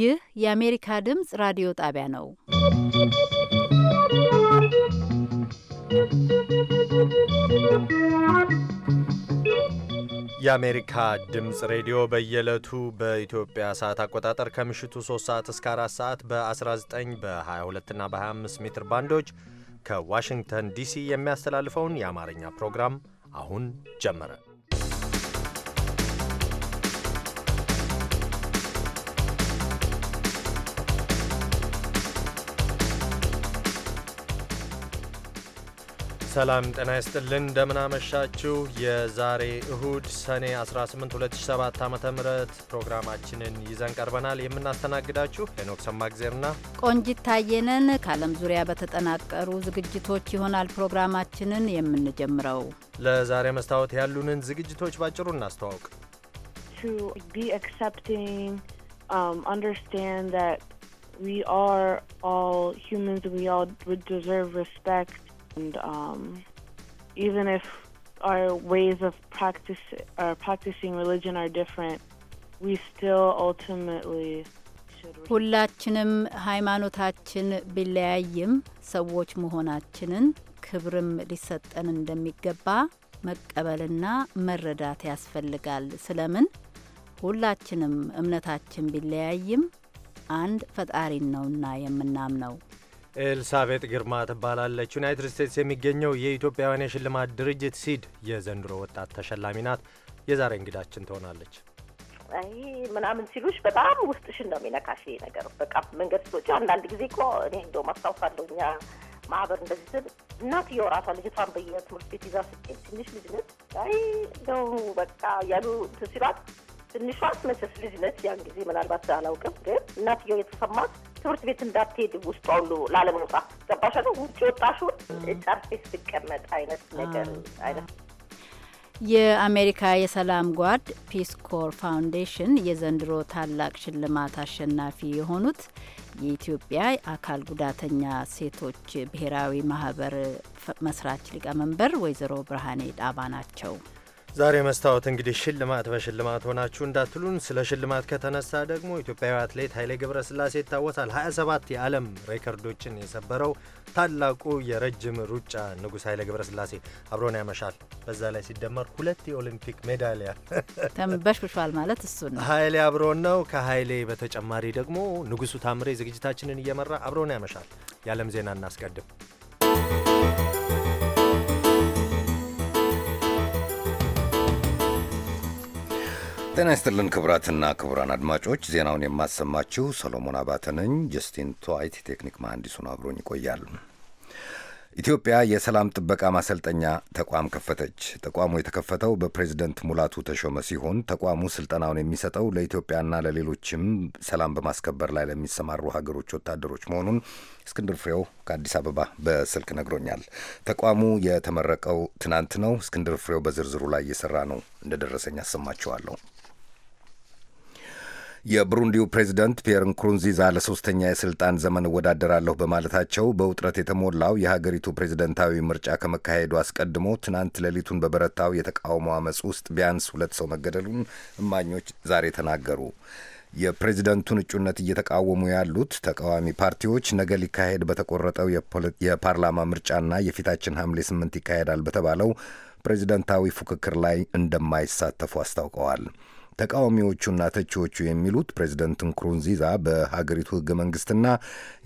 ይህ የአሜሪካ ድምፅ ራዲዮ ጣቢያ ነው። የአሜሪካ ድምፅ ሬዲዮ በየዕለቱ በኢትዮጵያ ሰዓት አቆጣጠር ከምሽቱ 3 ሰዓት እስከ 4 ሰዓት በ19 በ22 እና በ25 ሜትር ባንዶች ከዋሽንግተን ዲሲ የሚያስተላልፈውን የአማርኛ ፕሮግራም አሁን ጀመረ። ሰላም ጤና ይስጥልን። እንደምናመሻችሁ የዛሬ እሁድ ሰኔ 18 2007 ዓ ም ፕሮግራማችንን ይዘን ቀርበናል። የምናስተናግዳችሁ ሄኖክ ሰማግዜርና ቆንጂት ታየንን ከዓለም ዙሪያ በተጠናቀሩ ዝግጅቶች ይሆናል ፕሮግራማችንን የምንጀምረው። ለዛሬ መስታወት ያሉንን ዝግጅቶች ባጭሩ እናስተዋውቅ። um, understand that we are all humans we all deserve respect And um, even if our ways of practice, our uh, practicing religion are different, we still ultimately ሁላችንም ሃይማኖታችን ቢለያይም ሰዎች መሆናችንን ክብርም ሊሰጠን እንደሚገባ መቀበልና መረዳት ያስፈልጋል። ስለምን ሁላችንም እምነታችን ቢለያይም አንድ ፈጣሪን ነውና የምናምነው። ኤልሳቤጥ ግርማ ትባላለች። ዩናይትድ ስቴትስ የሚገኘው የኢትዮጵያውያን የሽልማት ድርጅት ሲድ የዘንድሮ ወጣት ተሸላሚ ናት። የዛሬ እንግዳችን ትሆናለች። አይ ምናምን ሲሉሽ በጣም ውስጥሽን ነው የሚነካሽ ነገር። በቃ መንገድ ስትወጪ አንዳንድ ጊዜ እኮ እኔ እንደውም አስታውሳለሁ እኛ ማህበር እንደዚህ ስል እናትየው እራሷ ልጅቷን በየትምህርት ቤት ይዛ ስትሄድ ትንሽ ልጅነት አይ እንደው በቃ እያሉ ሲሏት ትንሿ መሰስ ልጅ ነች። ያን ጊዜ ምናልባት አላውቅም፣ ግን እናትየው የተሰማት ትምህርት ቤት እንዳትሄድ ውስጥ ሁሉ ላለመውጣት ገባሽ ነው ውጭ ወጣሹን ጨርፌ ስትቀመጥ አይነት ነገር አይነት የአሜሪካ የሰላም ጓድ ፒስ ኮር ፋውንዴሽን የዘንድሮ ታላቅ ሽልማት አሸናፊ የሆኑት የኢትዮጵያ አካል ጉዳተኛ ሴቶች ብሔራዊ ማህበር መስራች ሊቀመንበር ወይዘሮ ብርሃኔ ጣባ ናቸው። ዛሬ መስታወት እንግዲህ ሽልማት በሽልማት ሆናችሁ እንዳትሉን። ስለ ሽልማት ከተነሳ ደግሞ ኢትዮጵያዊ አትሌት ኃይሌ ገብረስላሴ ይታወሳል። 27 የዓለም ሬከርዶችን የሰበረው ታላቁ የረጅም ሩጫ ንጉሥ ኃይሌ ገብረስላሴ አብሮን ያመሻል። በዛ ላይ ሲደመር ሁለት የኦሊምፒክ ሜዳሊያ ተንበሽብሿል ማለት እሱ ነው። ኃይሌ አብሮን ነው። ከኃይሌ በተጨማሪ ደግሞ ንጉሱ ታምሬ ዝግጅታችንን እየመራ አብሮን ያመሻል። የዓለም ዜና እናስቀድም። ጤና ይስጥልን ክቡራትና ክቡራን አድማጮች ዜናውን የማሰማችሁ ሰሎሞን አባተ ነኝ። ጀስቲን ቶዋይት የቴክኒክ መሐንዲሱን አብሮን ይቆያል። ኢትዮጵያ የሰላም ጥበቃ ማሰልጠኛ ተቋም ከፈተች። ተቋሙ የተከፈተው በፕሬዝደንት ሙላቱ ተሾመ ሲሆን ተቋሙ ስልጠናውን የሚሰጠው ለኢትዮጵያና ለሌሎችም ሰላም በማስከበር ላይ ለሚሰማሩ ሀገሮች ወታደሮች መሆኑን እስክንድር ፍሬው ከአዲስ አበባ በስልክ ነግሮኛል። ተቋሙ የተመረቀው ትናንት ነው። እስክንድር ፍሬው በዝርዝሩ ላይ እየሰራ ነው። እንደደረሰኝ አሰማችኋለሁ። የብሩንዲው ፕሬዚደንት ፒየር ንኩሩንዚዛ ለሶስተኛ የስልጣን ዘመን እወዳደራለሁ በማለታቸው በውጥረት የተሞላው የሀገሪቱ ፕሬዚደንታዊ ምርጫ ከመካሄዱ አስቀድሞ ትናንት ሌሊቱን በበረታው የተቃውሞ አመፅ ውስጥ ቢያንስ ሁለት ሰው መገደሉን እማኞች ዛሬ ተናገሩ። የፕሬዚደንቱን እጩነት እየተቃወሙ ያሉት ተቃዋሚ ፓርቲዎች ነገ ሊካሄድ በተቆረጠው የፓርላማ ምርጫና የፊታችን ሐምሌ ስምንት ይካሄዳል በተባለው ፕሬዚደንታዊ ፉክክር ላይ እንደማይሳተፉ አስታውቀዋል። ተቃዋሚዎቹና ተቺዎቹ የሚሉት ፕሬዚደንት ንኩሩንዚዛ በሀገሪቱ ህገ መንግስትና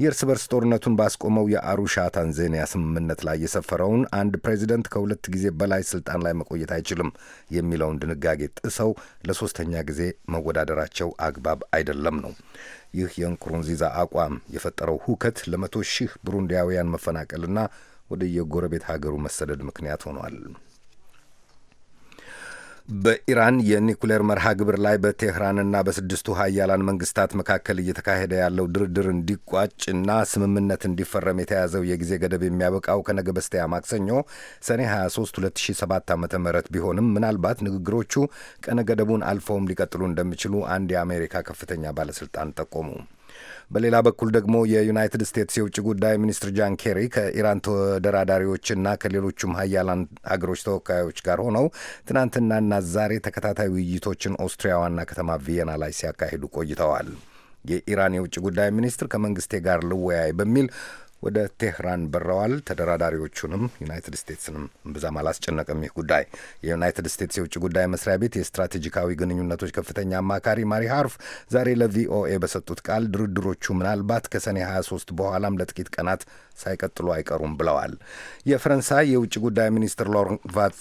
የእርስ በርስ ጦርነቱን ባስቆመው የአሩሻ ታንዛኒያ ስምምነት ላይ የሰፈረውን አንድ ፕሬዚደንት ከሁለት ጊዜ በላይ ስልጣን ላይ መቆየት አይችልም የሚለውን ድንጋጌ ጥሰው ለሶስተኛ ጊዜ መወዳደራቸው አግባብ አይደለም ነው። ይህ የንኩሩንዚዛ አቋም የፈጠረው ሁከት ለመቶ ሺህ ብሩንዲያውያን መፈናቀልና ወደ የጎረቤት ሀገሩ መሰደድ ምክንያት ሆኗል። በኢራን የኒኩሌር መርሃ ግብር ላይ በቴህራንና በስድስቱ ሀያላን መንግስታት መካከል እየተካሄደ ያለው ድርድር እንዲቋጭና ስምምነት እንዲፈረም የተያዘው የጊዜ ገደብ የሚያበቃው ከነገ በስቲያ ማክሰኞ ሰኔ 23 2007 ዓ ም ቢሆንም ምናልባት ንግግሮቹ ቀነ ገደቡን አልፈውም ሊቀጥሉ እንደሚችሉ አንድ የአሜሪካ ከፍተኛ ባለስልጣን ጠቆሙ። በሌላ በኩል ደግሞ የዩናይትድ ስቴትስ የውጭ ጉዳይ ሚኒስትር ጃን ኬሪ ከኢራን ተደራዳሪዎችና ከሌሎቹም ሀያላን ሀገሮች ተወካዮች ጋር ሆነው ትናንትናና ዛሬ ተከታታይ ውይይቶችን ኦስትሪያ ዋና ከተማ ቪየና ላይ ሲያካሂዱ ቆይተዋል። የኢራን የውጭ ጉዳይ ሚኒስትር ከመንግስቴ ጋር ልወያይ በሚል ወደ ቴህራን በረዋል። ተደራዳሪዎቹንም ዩናይትድ ስቴትስንም እምብዛም አላስጨነቀም ይህ ጉዳይ። የዩናይትድ ስቴትስ የውጭ ጉዳይ መስሪያ ቤት የስትራቴጂካዊ ግንኙነቶች ከፍተኛ አማካሪ ማሪ ሃርፍ ዛሬ ለቪኦኤ በሰጡት ቃል ድርድሮቹ ምናልባት ከሰኔ 23 በኋላም ለጥቂት ቀናት ሳይቀጥሉ አይቀሩም ብለዋል። የፈረንሳይ የውጭ ጉዳይ ሚኒስትር ሎረን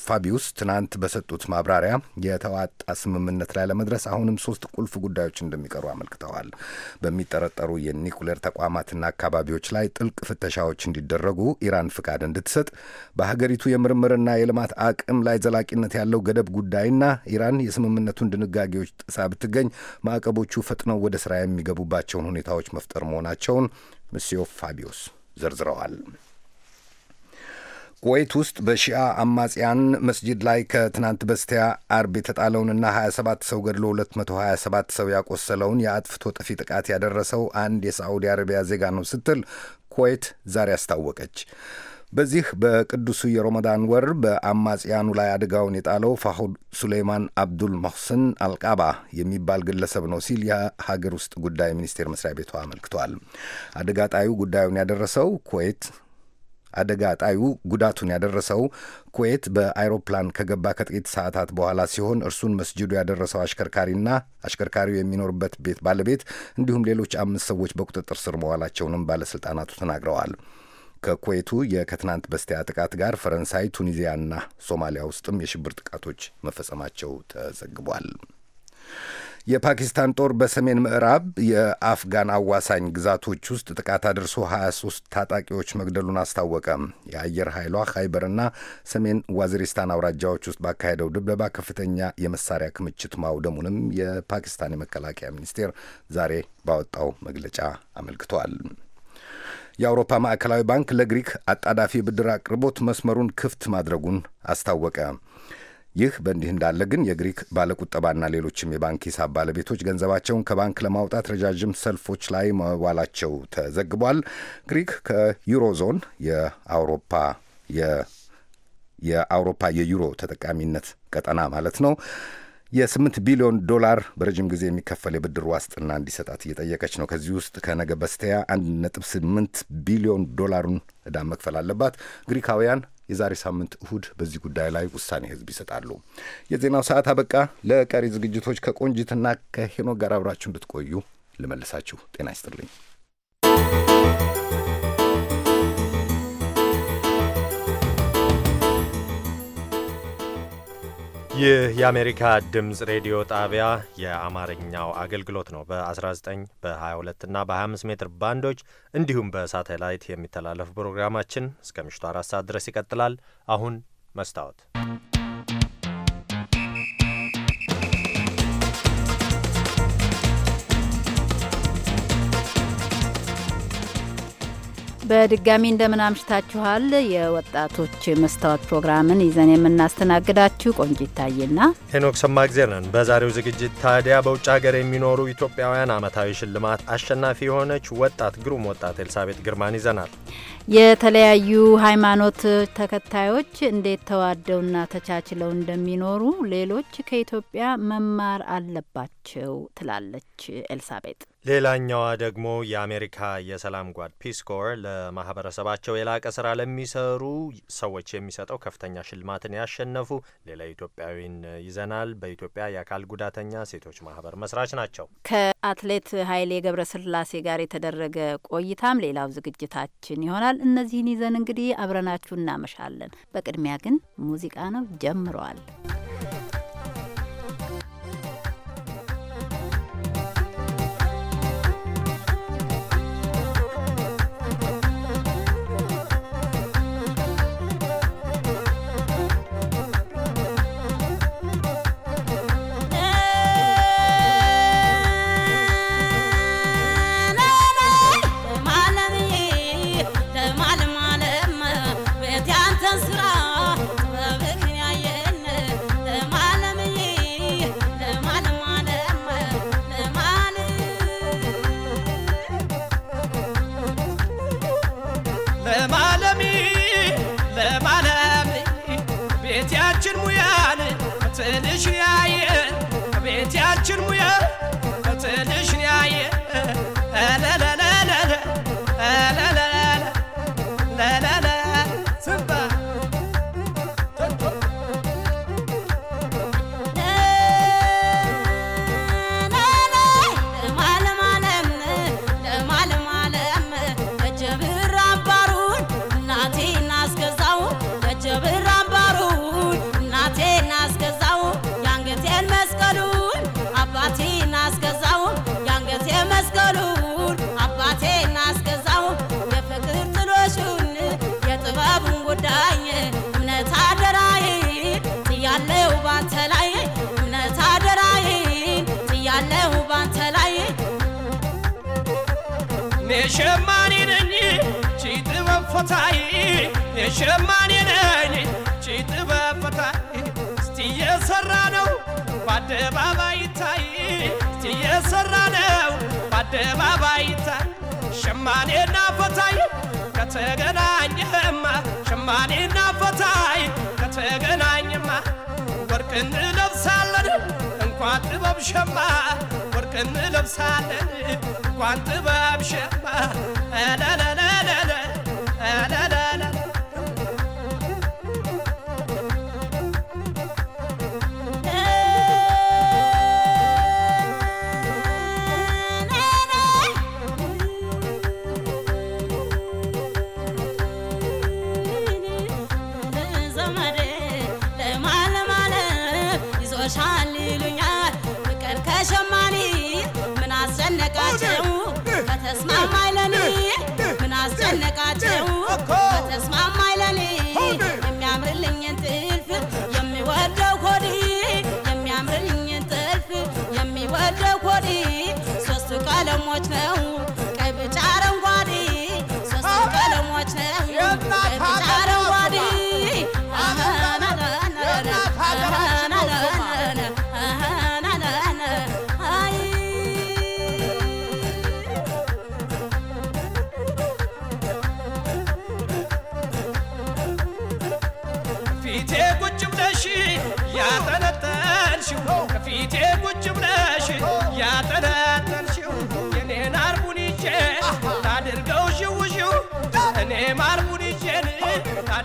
ፋቢዩስ ትናንት በሰጡት ማብራሪያ የተዋጣ ስምምነት ላይ ለመድረስ አሁንም ሶስት ቁልፍ ጉዳዮች እንደሚቀሩ አመልክተዋል። በሚጠረጠሩ የኒኩሌር ተቋማትና አካባቢዎች ላይ ጥልቅ ፍተሻዎች እንዲደረጉ ኢራን ፍቃድ እንድትሰጥ፣ በሀገሪቱ የምርምርና የልማት አቅም ላይ ዘላቂነት ያለው ገደብ ጉዳይና ኢራን የስምምነቱን ድንጋጌዎች ጥሳ ብትገኝ ማዕቀቦቹ ፈጥነው ወደ ስራ የሚገቡባቸውን ሁኔታዎች መፍጠር መሆናቸውን ምስዮ ፋቢዮስ ዘርዝረዋል። ኩዌት ውስጥ በሺአ አማጽያን መስጂድ ላይ ከትናንት በስቲያ አርብ የተጣለውንና 27 ሰው ገድሎ 227 ሰው ያቆሰለውን የአጥፍቶ ጥፊ ጥቃት ያደረሰው አንድ የሳዑዲ አረቢያ ዜጋ ነው ስትል ኩዌት ዛሬ አስታወቀች። በዚህ በቅዱሱ የሮመዳን ወር በአማጽያኑ ላይ አደጋውን የጣለው ፋሁድ ሱሌይማን አብዱል ሞህስን አልቃባ የሚባል ግለሰብ ነው ሲል የሀገር ውስጥ ጉዳይ ሚኒስቴር መስሪያ ቤቷ አመልክቷል። አደጋ ጣዩ ጉዳዩን ያደረሰው ኩዌት አደጋ ጣዩ ጉዳቱን ያደረሰው ኩዌት በአይሮፕላን ከገባ ከጥቂት ሰዓታት በኋላ ሲሆን እርሱን መስጅዱ ያደረሰው አሽከርካሪና አሽከርካሪው የሚኖርበት ቤት ባለቤት እንዲሁም ሌሎች አምስት ሰዎች በቁጥጥር ስር መዋላቸውንም ባለስልጣናቱ ተናግረዋል። ከኩዌቱ የከትናንት በስቲያ ጥቃት ጋር ፈረንሳይ፣ ቱኒዚያና ሶማሊያ ውስጥም የሽብር ጥቃቶች መፈጸማቸው ተዘግቧል። የፓኪስታን ጦር በሰሜን ምዕራብ የአፍጋን አዋሳኝ ግዛቶች ውስጥ ጥቃት አድርሶ 23 ታጣቂዎች መግደሉን አስታወቀ። የአየር ኃይሏ ሀይበርና ሰሜን ዋዝሪስታን አውራጃዎች ውስጥ ባካሄደው ድብደባ ከፍተኛ የመሳሪያ ክምችት ማውደሙንም የፓኪስታን የመከላከያ ሚኒስቴር ዛሬ ባወጣው መግለጫ አመልክቷል። የአውሮፓ ማዕከላዊ ባንክ ለግሪክ አጣዳፊ ብድር አቅርቦት መስመሩን ክፍት ማድረጉን አስታወቀ። ይህ በእንዲህ እንዳለ ግን የግሪክ ባለቁጠባና ሌሎችም የባንክ ሂሳብ ባለቤቶች ገንዘባቸውን ከባንክ ለማውጣት ረዣዥም ሰልፎች ላይ መዋላቸው ተዘግቧል። ግሪክ ከዩሮዞን የአውሮፓ የአውሮፓ የዩሮ ተጠቃሚነት ቀጠና ማለት ነው የ8 ቢሊዮን ዶላር በረጅም ጊዜ የሚከፈል የብድር ዋስጥና እንዲሰጣት እየጠየቀች ነው። ከዚህ ውስጥ ከነገ በስቲያ 1.8 ቢሊዮን ዶላሩን ዕዳ መክፈል አለባት። ግሪካውያን የዛሬ ሳምንት እሁድ በዚህ ጉዳይ ላይ ውሳኔ ህዝብ ይሰጣሉ። የዜናው ሰዓት አበቃ። ለቀሪ ዝግጅቶች ከቆንጂትና ከሄኖ ጋር አብራችሁ እንድትቆዩ ልመልሳችሁ። ጤና ይስጥልኝ። ይህ የአሜሪካ ድምፅ ሬዲዮ ጣቢያ የአማርኛው አገልግሎት ነው። በ19 በ22 እና በ25 ሜትር ባንዶች እንዲሁም በሳተላይት የሚተላለፍ ፕሮግራማችን እስከ ምሽቱ አራት ሰዓት ድረስ ይቀጥላል። አሁን መስታወት በድጋሚ እንደምን አምሽታችኋል። የወጣቶች መስታወት ፕሮግራምን ይዘን የምናስተናግዳችሁ ቆንጂት ታዬና ሄኖክ ሰማእግዜር ነን። በዛሬው ዝግጅት ታዲያ በውጭ ሀገር የሚኖሩ ኢትዮጵያውያን ዓመታዊ ሽልማት አሸናፊ የሆነች ወጣት ግሩም ወጣት ኤልሳቤጥ ግርማን ይዘናል። የተለያዩ ሃይማኖት ተከታዮች እንዴት ተዋደውና ተቻችለው እንደሚኖሩ ሌሎች ከኢትዮጵያ መማር አለባቸው ትላለች ኤልሳቤጥ። ሌላኛዋ ደግሞ የአሜሪካ የሰላም ጓድ ፒስ ኮር ለማህበረሰባቸው የላቀ ስራ ለሚሰሩ ሰዎች የሚሰጠው ከፍተኛ ሽልማትን ያሸነፉ ሌላ ኢትዮጵያዊን ይዘናል። በኢትዮጵያ የአካል ጉዳተኛ ሴቶች ማህበር መስራች ናቸው። ከአትሌት ኃይሌ ገብረስላሴ ጋር የተደረገ ቆይታም ሌላው ዝግጅታችን ይሆናል። ይሆናል። እነዚህን ይዘን እንግዲህ አብረናችሁ እናመሻለን። በቅድሚያ ግን ሙዚቃ ነው ጀምረዋል። እንለብሳለን እንኳን ጥበብ ሸማ ወርቅ እንለብሳለን እንኳን ጥበብ ሸማ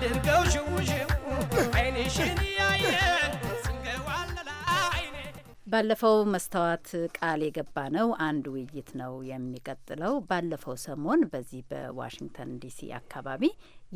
አድርገው አይንሽን ባለፈው መስታወት ቃል የገባ ነው አንድ ውይይት ነው የሚቀጥለው። ባለፈው ሰሞን በዚህ በዋሽንግተን ዲሲ አካባቢ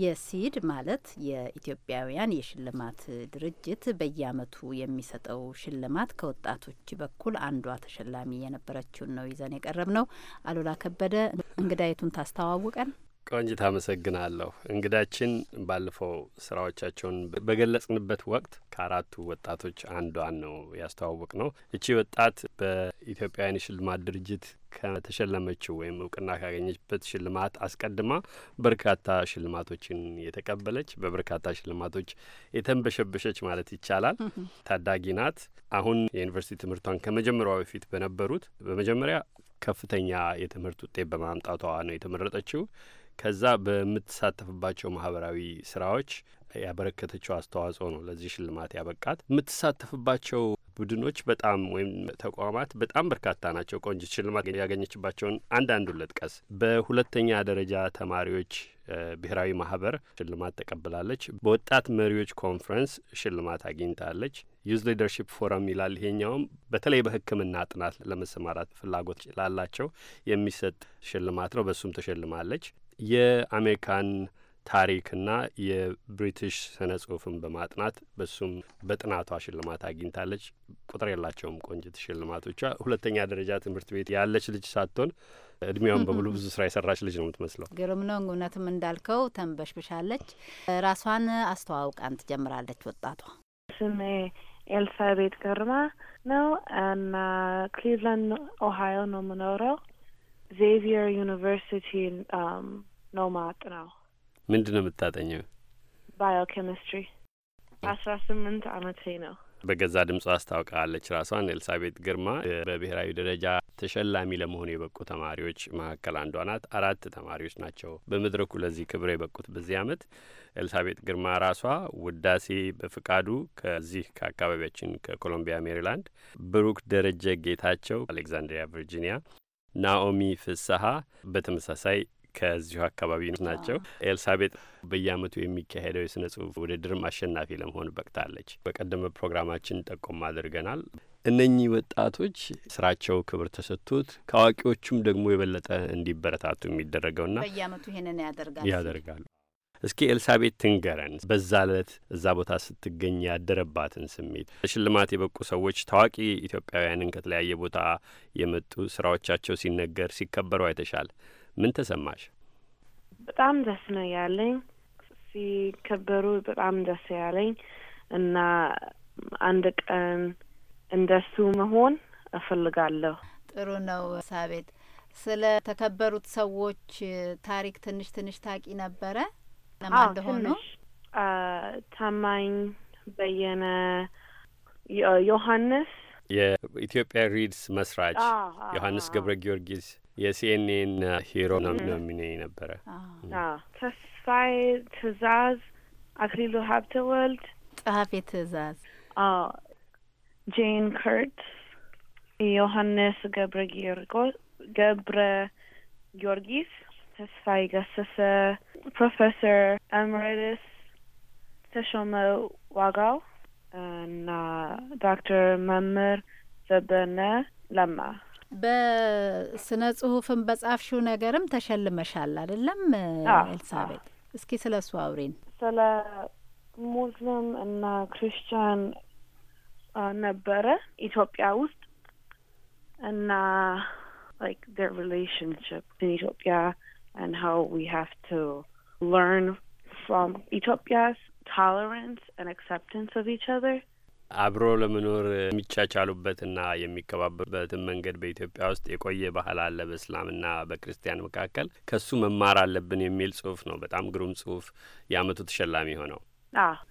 የሲድ ማለት የኢትዮጵያውያን የሽልማት ድርጅት በየዓመቱ የሚሰጠው ሽልማት ከወጣቶች በኩል አንዷ ተሸላሚ የነበረችውን ነው ይዘን የቀረብ ነው። አሉላ ከበደ እንግዳይቱን ታስተዋውቀን ቆንጅት አመሰግናለሁ። እንግዳችን ባለፈው ስራዎቻቸውን በገለጽንበት ወቅት ከአራቱ ወጣቶች አንዷን ነው ያስተዋወቅ ነው። እቺ ወጣት በኢትዮጵያውያን የሽልማት ድርጅት ከተሸለመችው ወይም እውቅና ካገኘችበት ሽልማት አስቀድማ በርካታ ሽልማቶችን የተቀበለች በበርካታ ሽልማቶች የተንበሸበሸች ማለት ይቻላል ታዳጊ ናት። አሁን የዩኒቨርሲቲ ትምህርቷን ከመጀመሪያው በፊት በነበሩት በመጀመሪያ ከፍተኛ የትምህርት ውጤት በማምጣቷ ነው የተመረጠችው። ከዛ በምትሳተፍባቸው ማህበራዊ ስራዎች ያበረከተችው አስተዋጽኦ ነው ለዚህ ሽልማት ያበቃት። የምትሳተፍባቸው ቡድኖች በጣም ወይም ተቋማት በጣም በርካታ ናቸው። ቆንጅት ሽልማት ያገኘችባቸውን አንዳንዱ ልጥቀስ። በሁለተኛ ደረጃ ተማሪዎች ብሔራዊ ማህበር ሽልማት ተቀብላለች። በወጣት መሪዎች ኮንፈረንስ ሽልማት አግኝታለች። ዩዝ ሊደርሺፕ ፎረም ይላል ይሄኛውም በተለይ በሕክምና ጥናት ለመሰማራት ፍላጎት ላላቸው የሚሰጥ ሽልማት ነው። በሱም ተሸልማለች። የአሜሪካን ታሪክና የብሪቲሽ ስነ ጽሁፍን በማጥናት በሱም በጥናቷ ሽልማት አግኝታለች። ቁጥር የላቸውም ቆንጅት ሽልማቶቿ። ሁለተኛ ደረጃ ትምህርት ቤት ያለች ልጅ ሳትሆን እድሜዋን በሙሉ ብዙ ስራ የሰራች ልጅ ነው የምትመስለው። ግሩም ነው። እውነትም እንዳልከው ተንበሽብሻለች። ራሷን አስተዋውቃን ትጀምራለች። ወጣቷ ስሜ ኤልሳቤት ገርማ ነው እና ክሊቭላንድ ኦሃዮ ነው የምኖረው ዜቪየር ዩኒቨርሲቲ um, ነው ማጥናው። ምንድን ነው የምታጠኘው? ባዮኬሚስትሪ። አስራ ስምንት አመቴ ነው። በገዛ ድምጿ አስታውቃለች ራሷን። ኤልሳቤጥ ግርማ በብሔራዊ ደረጃ ተሸላሚ ለመሆኑ የበቁ ተማሪዎች መካከል አንዷ ናት። አራት ተማሪዎች ናቸው በመድረኩ ለዚህ ክብር የበቁት በዚህ አመት። ኤልሳቤጥ ግርማ ራሷ ውዳሴ በፍቃዱ ከዚህ ከአካባቢያችን ከኮሎምቢያ ሜሪላንድ፣ ብሩክ ደረጀ ጌታቸው አሌክዛንድሪያ ቨርጂኒያ፣ ናኦሚ ፍስሀ በተመሳሳይ ከዚሁ አካባቢ ናቸው። ኤልሳቤጥ በየአመቱ የሚካሄደው የስነ ጽሁፍ ውድድርም አሸናፊ ለመሆን በቅታለች። በቀደመ ፕሮግራማችን ጠቆም አድርገናል። እነኚህ ወጣቶች ስራቸው ክብር ተሰጥቶት ከአዋቂዎቹም ደግሞ የበለጠ እንዲበረታቱ የሚደረገውና በየአመቱ ይህንን ያደርጋል ያደርጋሉ እስኪ ኤልሳቤት ትንገረን በዛ ዕለት እዛ ቦታ ስትገኝ ያደረባትን ስሜት። ለሽልማት የበቁ ሰዎች ታዋቂ ኢትዮጵያውያንን ከተለያየ ቦታ የመጡ ስራዎቻቸው ሲነገር ሲከበሩ አይተሻል። ምን ተሰማሽ? በጣም ደስ ነው ያለኝ ሲከበሩ፣ በጣም ደስ ያለኝ እና አንድ ቀን እንደሱ መሆን እፈልጋለሁ። ጥሩ ነው ሳቤት። ስለ ተከበሩት ሰዎች ታሪክ ትንሽ ትንሽ ታቂ ነበረ? እንደሆኑ ታማኝ በየነ ዮሐንስ የኢትዮጵያ ሪድስ መስራች ዮሐንስ ገብረ ጊዮርጊስ የሲኤንኤን ሂሮ ኖሚኔ ነበረ። ተስፋዬ ትእዛዝ፣ አክሊሉ ሀብተ ወልድ ጸሐፊ ትእዛዝ፣ ጄን ከርት፣ ዮሐንስ ገብረ ጊዮርጊስ፣ ተስፋዬ ገሰሰ Professor Emeritus Teshomo Wagal እና ዶክተር መምህር ዘበነ ለማ በስነ ጽሁፍም በጻፍሽው ነገርም ተሸልመሻል አይደለም ኤልሳቤጥ? እስኪ ስለ እሱ አውሪን። ስለ ሙስሊም እና ክርስቲያን ነበረ ኢትዮጵያ ውስጥ እና like their relationship in Ethiopia and how we have to learn from Ethiopia's tolerance and acceptance of each other. አብሮ ለመኖር የሚቻቻሉበትና የሚከባበሩበትን መንገድ በኢትዮጵያ ውስጥ የቆየ ባህል አለ በእስላምና በክርስቲያን መካከል። ከሱ መማር አለብን የሚል ጽሁፍ ነው። በጣም ግሩም ጽሁፍ የአመቱ ተሸላሚ ሆነው።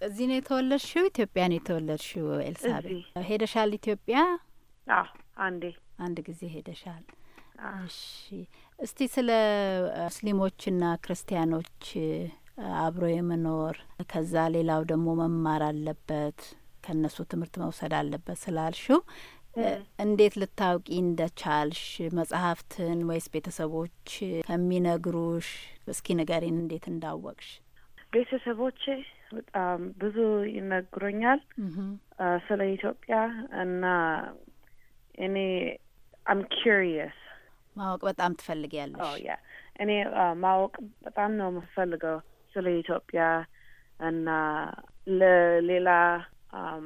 እዚህ ነው የተወለድሽው? ኢትዮጵያ ነው የተወለድሽው? ኤልሳቤ ሄደሻል ኢትዮጵያ? አንዴ አንድ ጊዜ ሄደሻል። እሺ እስቲ ስለ ሙስሊሞችና ክርስቲያኖች አብሮ የመኖር ከዛ ሌላው ደግሞ መማር አለበት ከእነሱ ትምህርት መውሰድ አለበት ስላልሽው እንዴት ልታውቂ እንደቻልሽ መጽሐፍትን ወይስ ቤተሰቦች ከሚነግሩሽ? እስኪ ንገሪን፣ እንዴት እንዳወቅሽ? ቤተሰቦቼ በጣም ብዙ ይነግሮኛል ስለ ኢትዮጵያ እና እኔ አም ኪሪየስ ማወቅ በጣም ትፈልጊያለሽ? Oh, እኔ uh, ማወቅ በጣም ነው የምፈልገው ስለ ኢትዮጵያ እና ለሌላ um,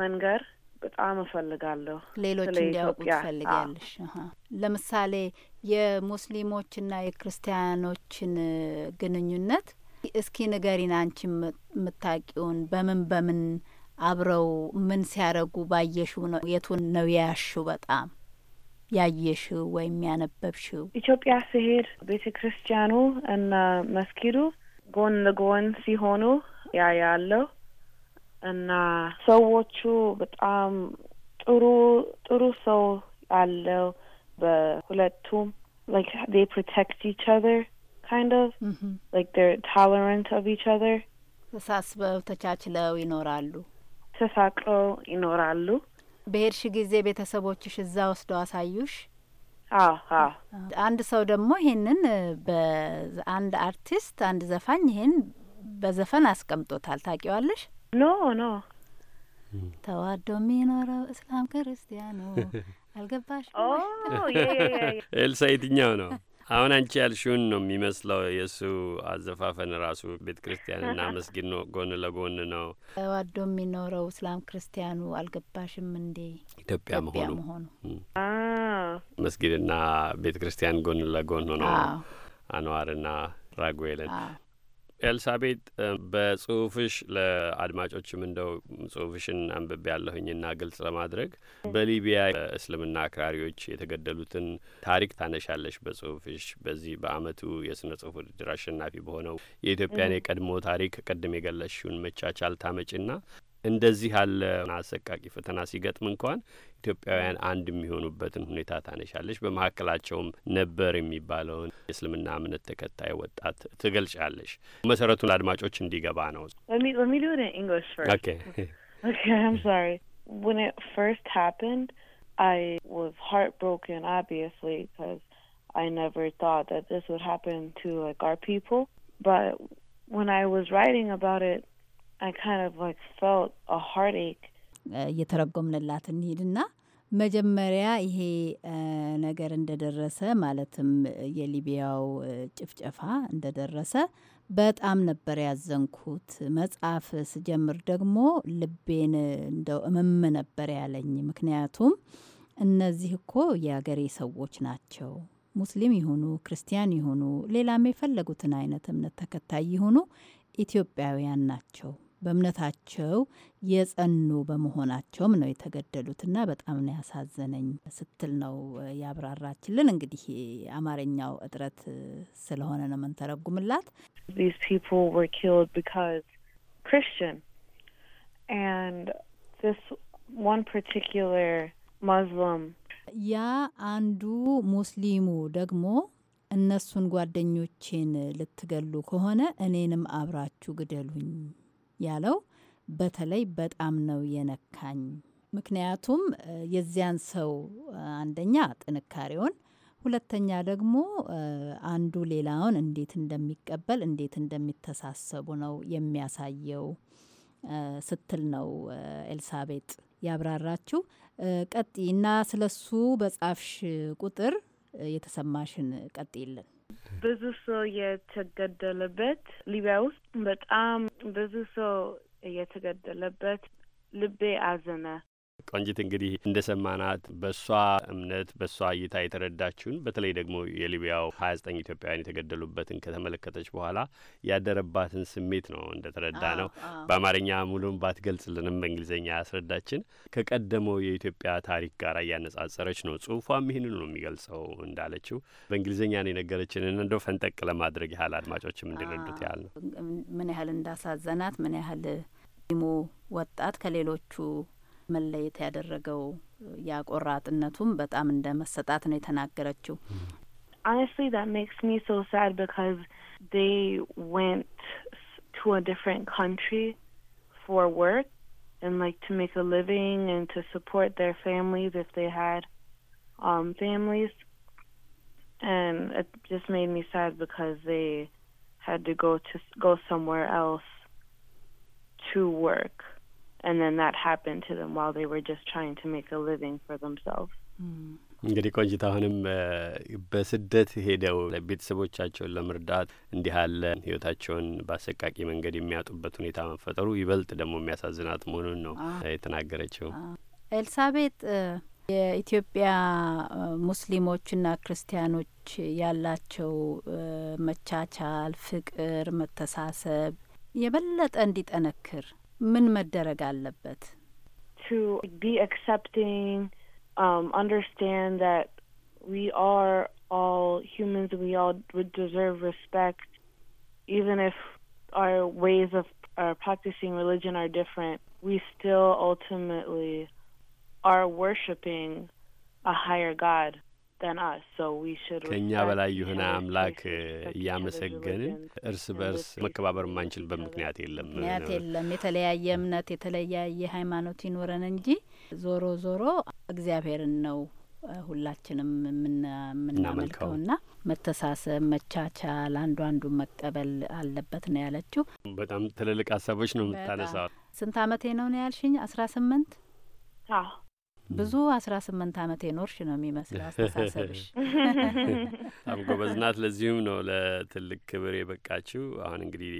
መንገር በጣም እፈልጋለሁ። ሌሎች እንዲያውቁ ትፈልጊያለሽ? Ah. ለምሳሌ የሙስሊሞችና የክርስቲያኖችን ግንኙነት እስኪ ንገሪን። አንቺ የምታቂውን በምን በምን አብረው ምን ሲያደርጉ ባየሹ ነው? የቱን ነው ያሹ? በጣም ያየሽው ወይም ያነበብሽው? ኢትዮጵያ ስሄድ ቤተ ክርስቲያኑ እና መስጊዱ ጎን ለጎን ሲሆኑ ያ ያለው እና ሰዎቹ በጣም ጥሩ ጥሩ ሰው አለው በሁለቱም like they protect each other kind of mm -hmm. like they're tolerant of each other ተሳስበው ተቻችለው ይኖራሉ ተሳቅረው ይኖራሉ በሄድሽ ጊዜ ቤተሰቦችሽ እዛ ወስደው አሳዩሽ? አንድ ሰው ደግሞ ይሄንን በአንድ አርቲስት አንድ ዘፋኝ ይሄን በዘፈን አስቀምጦታል። ታውቂዋለሽ? ኖ ኖ ተዋዶ የሚኖረው እስላም ክርስቲያኑ አልገባሽ? ኤልሳ የትኛው ነው? አሁን አንቺ ያልሽውን ነው የሚመስለው። የእሱ አዘፋፈን ራሱ ቤተ ክርስቲያንና መስጊድ ጎን ለጎን ነው ዋዶ የሚኖረው እስላም ክርስቲያኑ አልገባሽም እንዴ? ኢትዮጵያ መሆኑ መስጊድና ቤተ ክርስቲያን ጎን ለጎን ነው። አንዋርና ራጉኤልን ኤልሳቤጥ በጽሁፍሽ ለአድማጮችም እንደው ጽሁፍሽን አንብቤ ያለሁኝና ግልጽ ለማድረግ በሊቢያ እስልምና አክራሪዎች የተገደሉትን ታሪክ ታነሻለሽ በጽሁፍሽ። በዚህ በአመቱ የስነ ጽሁፍ ውድድር አሸናፊ በሆነው የኢትዮጵያን የቀድሞ ታሪክ ቅድም የገለሽውን መቻቻል ታመጪና እንደዚህ ያለ አሰቃቂ ፈተና ሲገጥም እንኳን ኢትዮጵያውያን አንድ የሚሆኑበትን ሁኔታ ታነሻለች። በመካከላቸውም ነበር የሚባለውን የእስልምና እምነት ተከታይ ወጣት ትገልጫለሽ። መሰረቱን አድማጮች እንዲገባ ነው። When it first happened, I was heartbroken, obviously, because I never thought that this would happen to like our people. But when I was writing about it, እየተረጎምንላት እንሂድና መጀመሪያ ይሄ ነገር እንደደረሰ ማለትም የሊቢያው ጭፍጨፋ እንደደረሰ በጣም ነበር ያዘንኩት። መጽሐፍ ስጀምር ደግሞ ልቤን እንደው እምም ነበር ያለኝ። ምክንያቱም እነዚህ እኮ የአገሬ ሰዎች ናቸው። ሙስሊም ይሁኑ ክርስቲያን ይሁኑ ሌላም የፈለጉትን አይነት እምነት ተከታይ ይሁኑ ኢትዮጵያውያን ናቸው። በእምነታቸው የጸኑ በመሆናቸውም ነው የተገደሉትና በጣም ነው ያሳዘነኝ ስትል ነው ያብራራችልን። እንግዲህ አማርኛው እጥረት ስለሆነ ነው የምንተረጉምላት። ያ አንዱ ሙስሊሙ ደግሞ እነሱን ጓደኞቼን ልትገሉ ከሆነ እኔንም አብራችሁ ግደሉኝ ያለው በተለይ በጣም ነው የነካኝ። ምክንያቱም የዚያን ሰው አንደኛ ጥንካሬውን፣ ሁለተኛ ደግሞ አንዱ ሌላውን እንዴት እንደሚቀበል እንዴት እንደሚተሳሰቡ ነው የሚያሳየው ስትል ነው ኤልሳቤጥ ያብራራችው። ቀጢና እና ስለሱ በጻፍሽ ቁጥር የተሰማሽን ቀጢልን። ብዙ ሰው የተገደለበት ሊቢያ ውስጥ በጣም ብዙ ሰው የተገደለበት ልቤ አዘነ። ቆንጂት እንግዲህ እንደ ሰማናት በእሷ እምነት በእሷ እይታ የተረዳችውን በተለይ ደግሞ የሊቢያው ሀያ ዘጠኝ ኢትዮጵያውያን የተገደሉበትን ከተመለከተች በኋላ ያደረባትን ስሜት ነው እንደ ተረዳ ነው። በአማርኛ ሙሉን ባትገልጽልንም በእንግሊዝኛ ያስረዳችን ከቀደመው የኢትዮጵያ ታሪክ ጋር እያነጻጸረች ነው። ጽሁፏም ይህንኑ ነው የሚገልጸው። እንዳለችው በእንግሊዝኛ ነው የነገረችን። እንደው ፈንጠቅ ለማድረግ ያህል አድማጮችም እንዲረዱት ያህል ነው ምን ያህል እንዳሳዘናት ምን ያህል ሞ ወጣት ከሌሎቹ መለየት ያደረገው ያ ቆራጥነቱም በጣም እንደ መሰጣት ነው የተናገረችው። honestly that makes me so sad because they went to a different country for work and like to make a living and to support their families if they had um families and it just made me sad because they had to go to go somewhere else to work and then that happened to them while they were just trying to make a living for themselves. እንግዲህ ቆንጅት አሁንም በስደት ሄደው ቤተሰቦቻቸውን ለመርዳት እንዲህ ያለ ህይወታቸውን በአሰቃቂ መንገድ የሚያጡበት ሁኔታ መፈጠሩ ይበልጥ ደግሞ የሚያሳዝናት መሆኑን ነው የተናገረችው። ኤልሳቤጥ የኢትዮጵያ ሙስሊሞችና ክርስቲያኖች ያላቸው መቻቻል፣ ፍቅር፣ መተሳሰብ የበለጠ እንዲጠነክር ምን መደረግ አለበት? to be accepting, um, understand that we are all humans, we all deserve respect, even if our ways of our uh, practicing religion are different, we still ultimately are worshiping a higher God. ከእኛ በላይ የሆነ አምላክ እያመሰገንን እርስ በርስ መከባበር የማንችልበት ምክንያት የለም ምክንያት የለም። የተለያየ እምነት የተለያየ ሃይማኖት ይኖረን እንጂ ዞሮ ዞሮ እግዚአብሔርን ነው ሁላችንም ና መተሳሰብ፣ መቻቻል፣ አንዱ አንዱ መቀበል አለበት ነው ያለችው። በጣም ትልልቅ ሀሳቦች ነው የምታነሳው። ስንት አመቴ ነው ነው ያልሽኝ? አስራ ስምንት ብዙ አስራ ስምንት አመት የኖርሽ ነው የሚመስል አስተሳሰብሽ። በጣም ጎበዝ ናት። ለዚሁም ነው ለትልቅ ክብር የበቃችው። አሁን እንግዲህ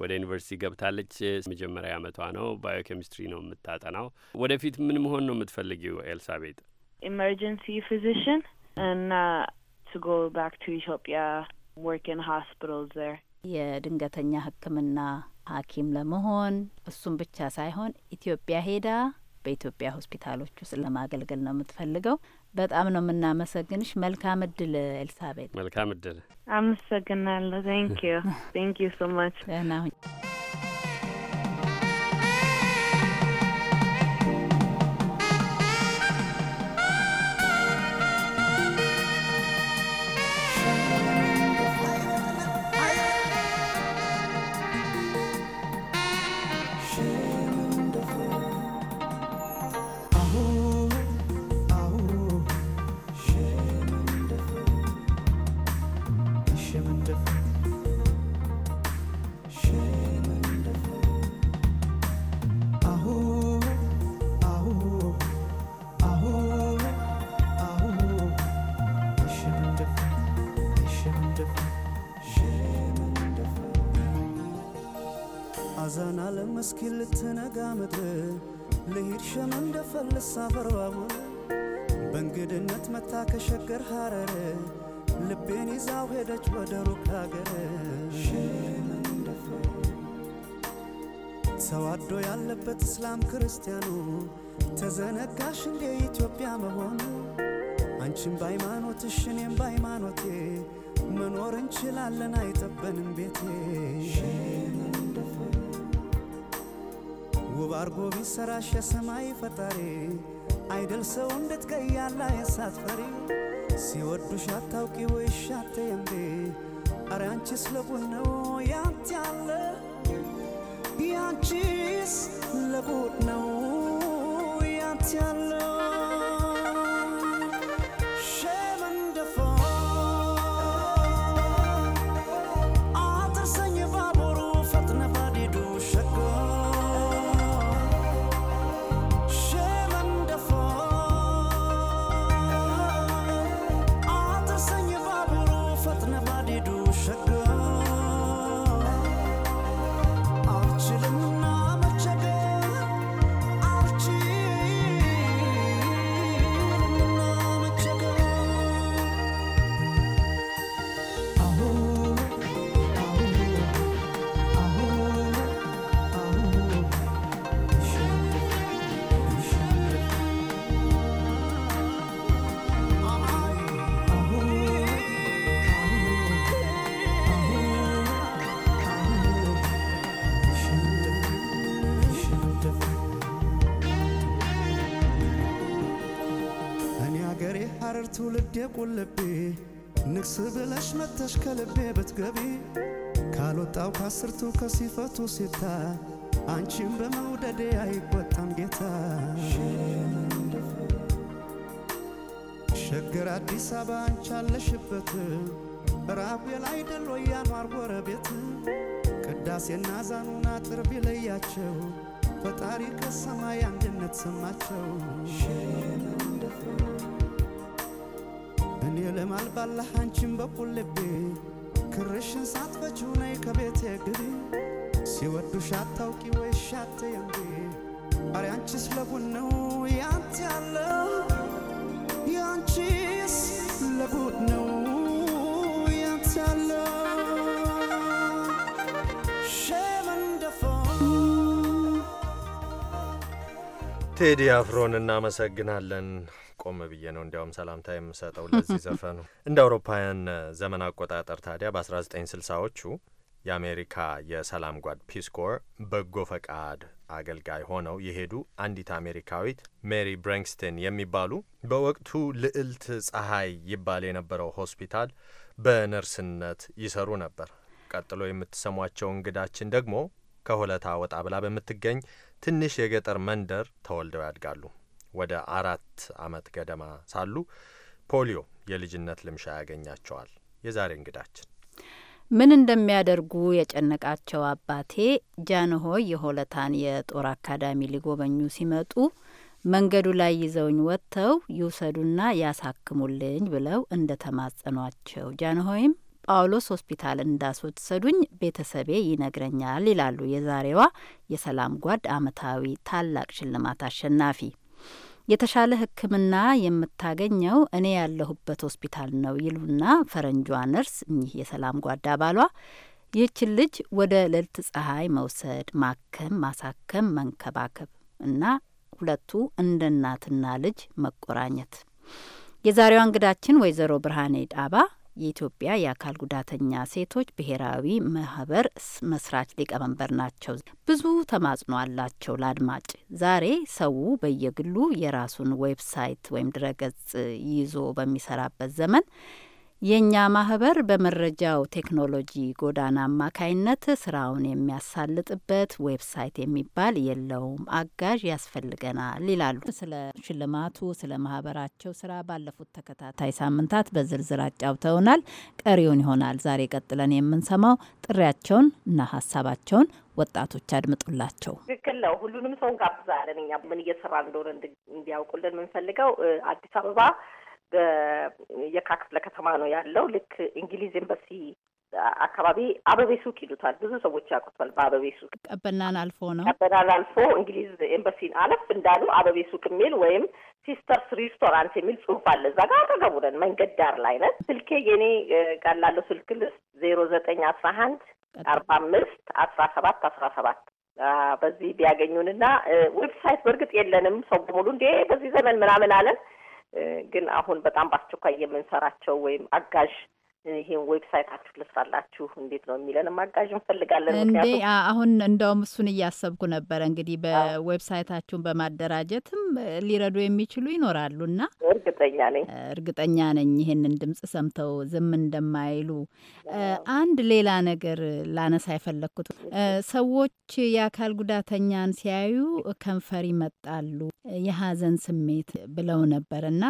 ወደ ዩኒቨርሲቲ ገብታለች። መጀመሪያ አመቷ ነው። ባዮ ኬሚስትሪ ነው የምታጠናው። ወደፊት ምን መሆን ነው የምትፈልጊው ኤልሳቤጥ? ኢመርጀንሲ ፊዚሽን እና ቱ ጎ ባክ ቱ ኢትዮጵያ ወርክ ኢን ሆስፒታል ዘር የድንገተኛ ሕክምና ሐኪም ለመሆን እሱም ብቻ ሳይሆን ኢትዮጵያ ሄዳ በኢትዮጵያ ሆስፒታሎች ውስጥ ለማገልገል ነው የምትፈልገው። በጣም ነው የምናመሰግንሽ። መልካም እድል ኤልሳቤጥ። መልካም እድል። አመሰግናለሁ። ታንኪዩ ታንኪዩ ሶ ማች። ደህና ሁኝ። ክርስቲያኑ ተዘነጋሽ እንደ ኢትዮጵያ መሆኑ አንቺም በሃይማኖትሽ እኔም በሃይማኖቴ መኖር እንችላለን አይጠበንም ቤቴ ውብ አርጎ ቢሰራሽ የሰማይ ፈጣሪ አይደል ሰው እንዴት ቀያላ የሳት ፈሪ ሲወዱሽ አታውቂ ወይሽ የምቤ አረ አንቺስ ለቡን ነው ያንት ያለ ያንቺስ bụt nấu ya cha lâu ወደቁን ልቤ ንግስ ብለሽ መተሽ ከልቤ ብትገቢ ካልወጣው ካስርቱ ከሲፈቱ ሲታ አንቺን በመውደዴ አይወጣም ጌታ። ሸገር አዲስ አበባ አንቺ አለሽበት ራጉኤል አይደል ወይ ጎረቤት ቅዳሴና ዛኑን አጥር ቢለያቸው ፈጣሪ ከሰማይ አንድነት ሰማቸው። ባላህ አንቺን በኩል ልቤ ክርሽን ሳትፈችው ነይ ከቤት ግቢ ሲወዱሽ አታውቂ ወይ ሻቴ እንዴ አሪ አንቺስ ለጉድ ነው ያንተ ያለው ያንቺስ ለጉድ ነው ቴዲ አፍሮን እናመሰግናለን። ቆም ብዬ ነው እንዲያውም ሰላምታ የምሰጠው ለዚህ ዘፈኑ። እንደ አውሮፓውያን ዘመን አቆጣጠር ታዲያ በ1960ዎቹ የአሜሪካ የሰላም ጓድ ፒስ ኮር በጎ ፈቃድ አገልጋይ ሆነው የሄዱ አንዲት አሜሪካዊት ሜሪ ብሬንክስቴን የሚባሉ በወቅቱ ልዕልት ፀሐይ ይባል የነበረው ሆስፒታል በነርስነት ይሰሩ ነበር። ቀጥሎ የምትሰሟቸው እንግዳችን ደግሞ ከሆለታ ወጣ ብላ በምትገኝ ትንሽ የገጠር መንደር ተወልደው ያድጋሉ። ወደ አራት ዓመት ገደማ ሳሉ ፖሊዮ የልጅነት ልምሻ ያገኛቸዋል። የዛሬ እንግዳችን ምን እንደሚያደርጉ የጨነቃቸው አባቴ ጃንሆይ የሆለታን የጦር አካዳሚ ሊጎበኙ ሲመጡ መንገዱ ላይ ይዘውኝ ወጥተው ይውሰዱና ያሳክሙልኝ ብለው እንደ ተማጸኗቸው ጃንሆይም ጳውሎስ ሆስፒታል እንዳስወሰዱኝ ቤተሰቤ ይነግረኛል ይላሉ የዛሬዋ የሰላም ጓድ ዓመታዊ ታላቅ ሽልማት አሸናፊ የተሻለ ሕክምና የምታገኘው እኔ ያለሁበት ሆስፒታል ነው ይሉና ፈረንጇ ነርስ እኚህ የሰላም ጓዳ ባሏ ይህችን ልጅ ወደ ልዕልት ፀሐይ መውሰድ፣ ማከም፣ ማሳከም፣ መንከባከብ እና ሁለቱ እንደ እናትና ልጅ መቆራኘት የዛሬዋ እንግዳችን ወይዘሮ ብርሃኔ ዳባ የኢትዮጵያ የአካል ጉዳተኛ ሴቶች ብሔራዊ ማህበር መስራች ሊቀመንበር ናቸው። ብዙ ተማጽኖ አላቸው ለአድማጭ። ዛሬ ሰው በየግሉ የራሱን ዌብሳይት ወይም ድረገጽ ይዞ በሚሰራበት ዘመን የእኛ ማህበር በመረጃው ቴክኖሎጂ ጎዳና አማካይነት ስራውን የሚያሳልጥበት ዌብሳይት የሚባል የለውም፣ አጋዥ ያስፈልገናል ይላሉ። ስለ ሽልማቱ፣ ስለ ማህበራቸው ስራ ባለፉት ተከታታይ ሳምንታት በዝርዝር አጫውተውናል። ቀሪውን ይሆናል ዛሬ ቀጥለን የምንሰማው። ጥሪያቸውን እና ሀሳባቸውን ወጣቶች አድምጡላቸው። ትክክል ነው። ሁሉንም ሰው እንጋብዛለን። እኛ ምን እየሰራ እንደሆነ እንዲያውቁልን የምንፈልገው አዲስ አበባ የካ ክፍለ ከተማ ነው ያለው። ልክ እንግሊዝ ኤምባሲ አካባቢ አበቤ ሱቅ ይሉታል። ብዙ ሰዎች ያውቁታል በአበቤ ሱቅ። ቀበናን አልፎ ነው ቀበናን አልፎ እንግሊዝ ኤምባሲን አለፍ እንዳሉ አበቤ ሱቅ የሚል ወይም ሲስተርስ ሪስቶራንት የሚል ጽሁፍ አለ። እዛ ጋር አጠገቡ ነን፣ መንገድ ዳር ላይ ነን። ስልኬ የኔ ጋር ላለው ስልክ ልስ ዜሮ ዘጠኝ አስራ አንድ አርባ አምስት አስራ ሰባት አስራ ሰባት በዚህ ቢያገኙንና ዌብሳይት በእርግጥ የለንም ሰው በሙሉ እንዴ በዚህ ዘመን ምናምን አለን ግን አሁን በጣም በአስቸኳይ የምንሰራቸው ወይም አጋዥ ይሄን ዌብሳይታችሁ ልስራላችሁ እንዴት ነው የሚለን ማጋዥ እንፈልጋለን። እንዴ አሁን እንደውም እሱን እያሰብኩ ነበረ። እንግዲህ በዌብሳይታችሁን በማደራጀትም ሊረዱ የሚችሉ ይኖራሉ እና እርግጠኛ ነኝ እርግጠኛ ነኝ ይህንን ድምጽ ሰምተው ዝም እንደማይሉ። አንድ ሌላ ነገር ላነሳ የፈለግኩት ሰዎች የአካል ጉዳተኛን ሲያዩ ከንፈር ይመጣሉ፣ የሀዘን ስሜት ብለው ነበር እና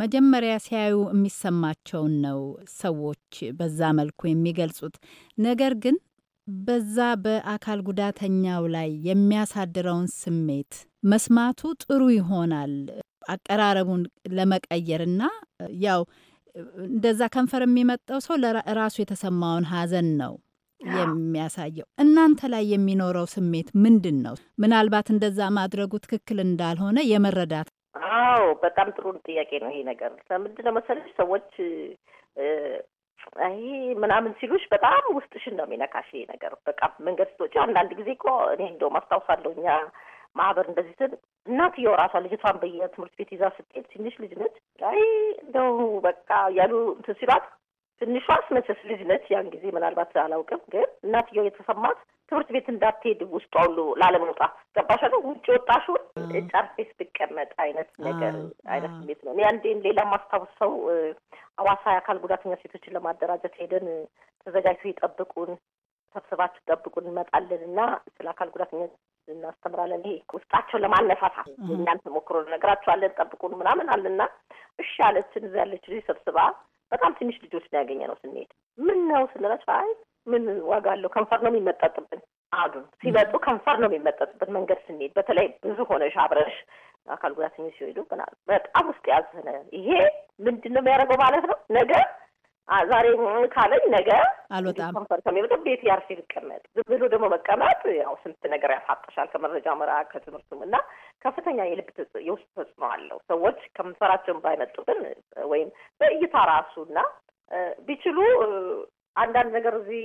መጀመሪያ ሲያዩ የሚሰማቸውን ነው ሰዎች ሰዎች በዛ መልኩ የሚገልጹት። ነገር ግን በዛ በአካል ጉዳተኛው ላይ የሚያሳድረውን ስሜት መስማቱ ጥሩ ይሆናል አቀራረቡን ለመቀየርና ያው እንደዛ ከንፈር የሚመጣው ሰው ለራሱ የተሰማውን ሀዘን ነው የሚያሳየው። እናንተ ላይ የሚኖረው ስሜት ምንድን ነው? ምናልባት እንደዛ ማድረጉ ትክክል እንዳልሆነ የመረዳት አዎ፣ በጣም ጥሩ ጥያቄ ነው ይሄ ነገር። ምንድን ነው መሰለሽ ሰዎች አይ ምናምን ሲሉሽ በጣም ውስጥሽን ነው የሚነካሽ ይሄ ነገር። በቃ መንገድ ስትወጪ አንዳንድ ጊዜ እኮ እኔ እንደውም አስታውሳለሁ እኛ ማህበር እንደዚህ ስል እናትየው ራሷ ልጅቷን በየትምህርት ቤት ይዛ ስትሄድ ትንሽ ልጅ ነች። አይ እንደው በቃ እያሉ እንትን ሲሏት ትንሿስ መቼስ ልጅ ነች። ያን ጊዜ ምናልባት አላውቅም፣ ግን እናትየው የተሰማት ትምህርት ቤት እንዳትሄድ ውስጥ ሁሉ ላለመውጣት ገባሽ ውጭ ወጣሽውን ጨርፌስ ብቀመጥ አይነት ነገር አይነት ስሜት ነው። ያንዴን ሌላ ማስታወሰው አዋሳ የአካል ጉዳተኛ ሴቶችን ለማደራጀት ሄደን ተዘጋጅቶ ይጠብቁን ሰብስባችሁ ጠብቁ እንመጣለን እና ስለ አካል ጉዳተኛ እናስተምራለን። ይሄ ውስጣቸው ለማነሳሳት እኛን ተሞክሮ ነገራቸዋለን ጠብቁን ምናምን አለና እሺ አለችን። እዚያ ያለች ልጅ ሰብስባ በጣም ትንሽ ልጆች ነው ያገኘ ነው ስንሄድ ምን ነው ስንላቸው አይ ምን ዋጋ አለው ከንፈር ነው የሚመጣጥብን አዱን ሲመጡ ከንፈር ነው የሚመጠጥበት መንገድ ስንሄድ በተለይ ብዙ ሆነሽ አብረሽ አካል ጉዳተኞች ሲሄዱ በጣም ውስጥ ያዘነ ይሄ ምንድን ነው የሚያደርገው ማለት ነው ነገር ዛሬ ካለኝ ነገ አልወጣም ኮንፈርት ከሚመጣው ቤት ያርሲ ልቀመጥ ብሎ ደግሞ መቀመጥ ያው ስንት ነገር ያሳጥሻል። ከመረጃ መራ ከትምህርቱም እና ከፍተኛ የልብ የውስጥ ተጽዕኖ አለው። ሰዎች ከምትፈራቸውን ባይመጡብን ወይም በእይታ ራሱ እና ቢችሉ አንዳንድ ነገር እዚህ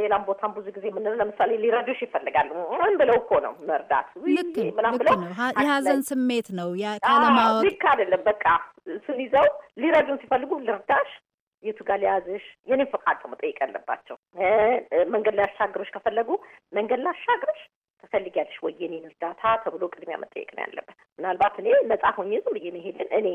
ሌላም ቦታም ብዙ ጊዜ የምንለው ለምሳሌ ሊረዱሽ ይፈልጋሉ። ምን ብለው እኮ ነው መርዳት ምናምን ብለው የሀዘን ስሜት ነው ካለማወቅ ልክ አይደለም። በቃ ስንይዘው ሊረዱን ሲፈልጉ ልርዳሽ የቱ ጋር ሊያዝሽ የኔን ፈቃድ ነው መጠየቅ ያለባቸው። መንገድ ላይ ያሻግሮች ከፈለጉ መንገድ ላይ ያሻግሮች ትፈልጊያለሽ ወይ የኔን እርዳታ ተብሎ ቅድሚያ መጠየቅ ነው ያለበት። ምናልባት እኔ ነጻ ሆኜ ዝም ብዬ መሄድን እኔ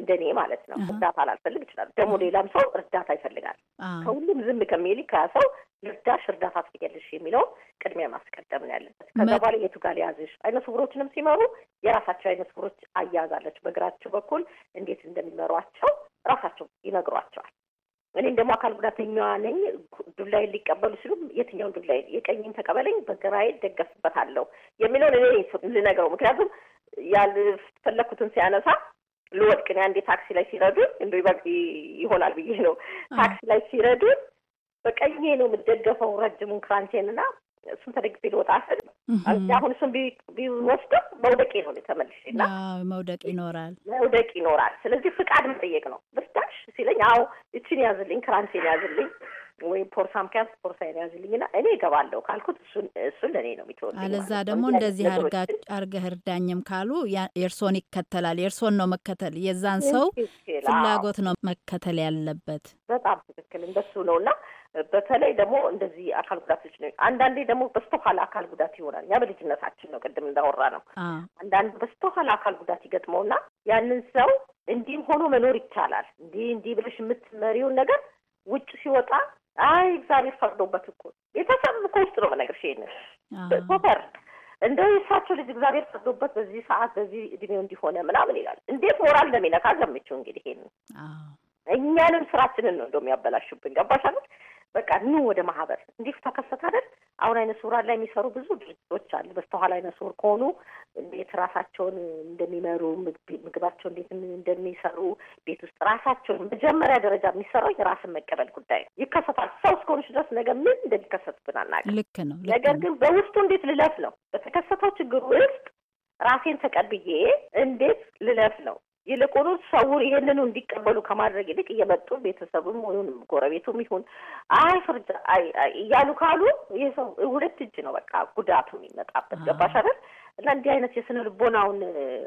እንደ እኔ ማለት ነው እርዳታ ላልፈልግ ይችላል። ደግሞ ሌላም ሰው እርዳታ ይፈልጋል። ከሁሉም ዝም ከሚል ከያ ሰው ልርዳሽ እርዳታ ትፈልጊያለሽ የሚለውን ቅድሚያ ማስቀደም ነው ያለበት። ከዛ በኋላ የቱ ጋር ሊያዝሽ። አይነ ስውሮችንም ሲመሩ የራሳቸው አይነ ስውሮች አያያዛለች በእግራቸው በኩል እንዴት እንደሚመሯቸው ራሳቸው ይነግሯቸዋል። እኔም ደግሞ አካል ጉዳተኛዋ ነኝ። ዱላይ ሊቀበሉ ሲሉ የትኛውን ዱላይ የቀኝን ተቀበለኝ በግራዬ ደገፍበታለሁ የሚለውን እኔ ልነገረው። ምክንያቱም ያልፈለግኩትን ሲያነሳ ልወድቅ ነው። አንዴ ታክሲ ላይ ሲረዱን እንደ ይሆናል ብዬ ነው ታክሲ ላይ ሲረዱን በቀኜ ነው የምደገፈው ረጅሙን ክራንቼን እና እሱን ተደግፌ ልወጣ ስል አሁን እሱን ቢወስደው መውደቄ ነው ተመልሼ እና መውደቅ ይኖራል መውደቅ ይኖራል። ስለዚህ ፍቃድ መጠየቅ ነው። ልፍታሽ ሲለኝ አዎ እችን ያዝልኝ፣ ክራንቴን ያዝልኝ ወይም ፖርሳም ከያዝ ፖርሳዬን ያዝልኝና እኔ እገባለሁ ካልኩት እሱን እሱን ለእኔ ነው የሚተወ። አለዛ ደግሞ እንደዚህ አርገህ እርዳኝም ካሉ የእርሶን ይከተላል። የእርሶን ነው መከተል፣ የዛን ሰው ፍላጎት ነው መከተል ያለበት። በጣም ትክክል፣ እንደሱ ነው እና በተለይ ደግሞ እንደዚህ አካል ጉዳቶች ነው። አንዳንዴ ደግሞ በስተኋላ አካል ጉዳት ይሆናል። ያ በልጅነታችን ነው፣ ቅድም እንዳወራ ነው። አንዳንድ በስተኋላ አካል ጉዳት ይገጥመውና ያንን ሰው እንዲህም ሆኖ መኖር ይቻላል እንዲህ እንዲህ ብለሽ የምትመሪውን ነገር ውጭ ሲወጣ አይ እግዚአብሔር ፈርዶበት እኮ ቤተሰብ እኮ ውስጥ ነው የምነግርሽ። ይሄንን እንደ የእሳቸው ልጅ እግዚአብሔር ፈርዶበት በዚህ ሰዓት በዚህ እድሜው እንዲሆነ ምናምን ይላል። እንዴት ሞራል እንደሚነካ ገምችው እንግዲህ ይሄንን እኛንም ስራችንን ነው እንደሚያበላሽብን ገባሽ አይደል? በቃ ኑ ወደ ማህበር እንዲህ ተከሰተ አይደል? አሁን አይነ ስውራን ላይ የሚሰሩ ብዙ ድርጅቶች አሉ። በስተኋላ አይነ ስውር ከሆኑ እንዴት ራሳቸውን እንደሚመሩ ምግባቸው እንዴት እንደሚሰሩ ቤት ውስጥ ራሳቸውን መጀመሪያ ደረጃ የሚሰራው የራስን መቀበል ጉዳይ ነው። ይከሰታል። ሰው እስከሆነች ድረስ ነገ ምን እንደሚከሰትብን አናውቅም። ልክ ነው። ነገር ግን በውስጡ እንዴት ልለፍ ነው በተከሰተው ችግር ውስጥ ራሴን ተቀብዬ እንዴት ልለፍ ነው ይልቁኑ ሰው ይሄንኑ እንዲቀበሉ ከማድረግ ይልቅ እየመጡ ቤተሰብም ይሁን ጎረቤቱም ይሁን አይ ፍርድ እያሉ ካሉ ይህ ሰው ሁለት እጅ ነው በቃ ጉዳቱ የሚመጣበት። ገባሽ አይደል? እና እንዲህ አይነት የስነ ልቦናውን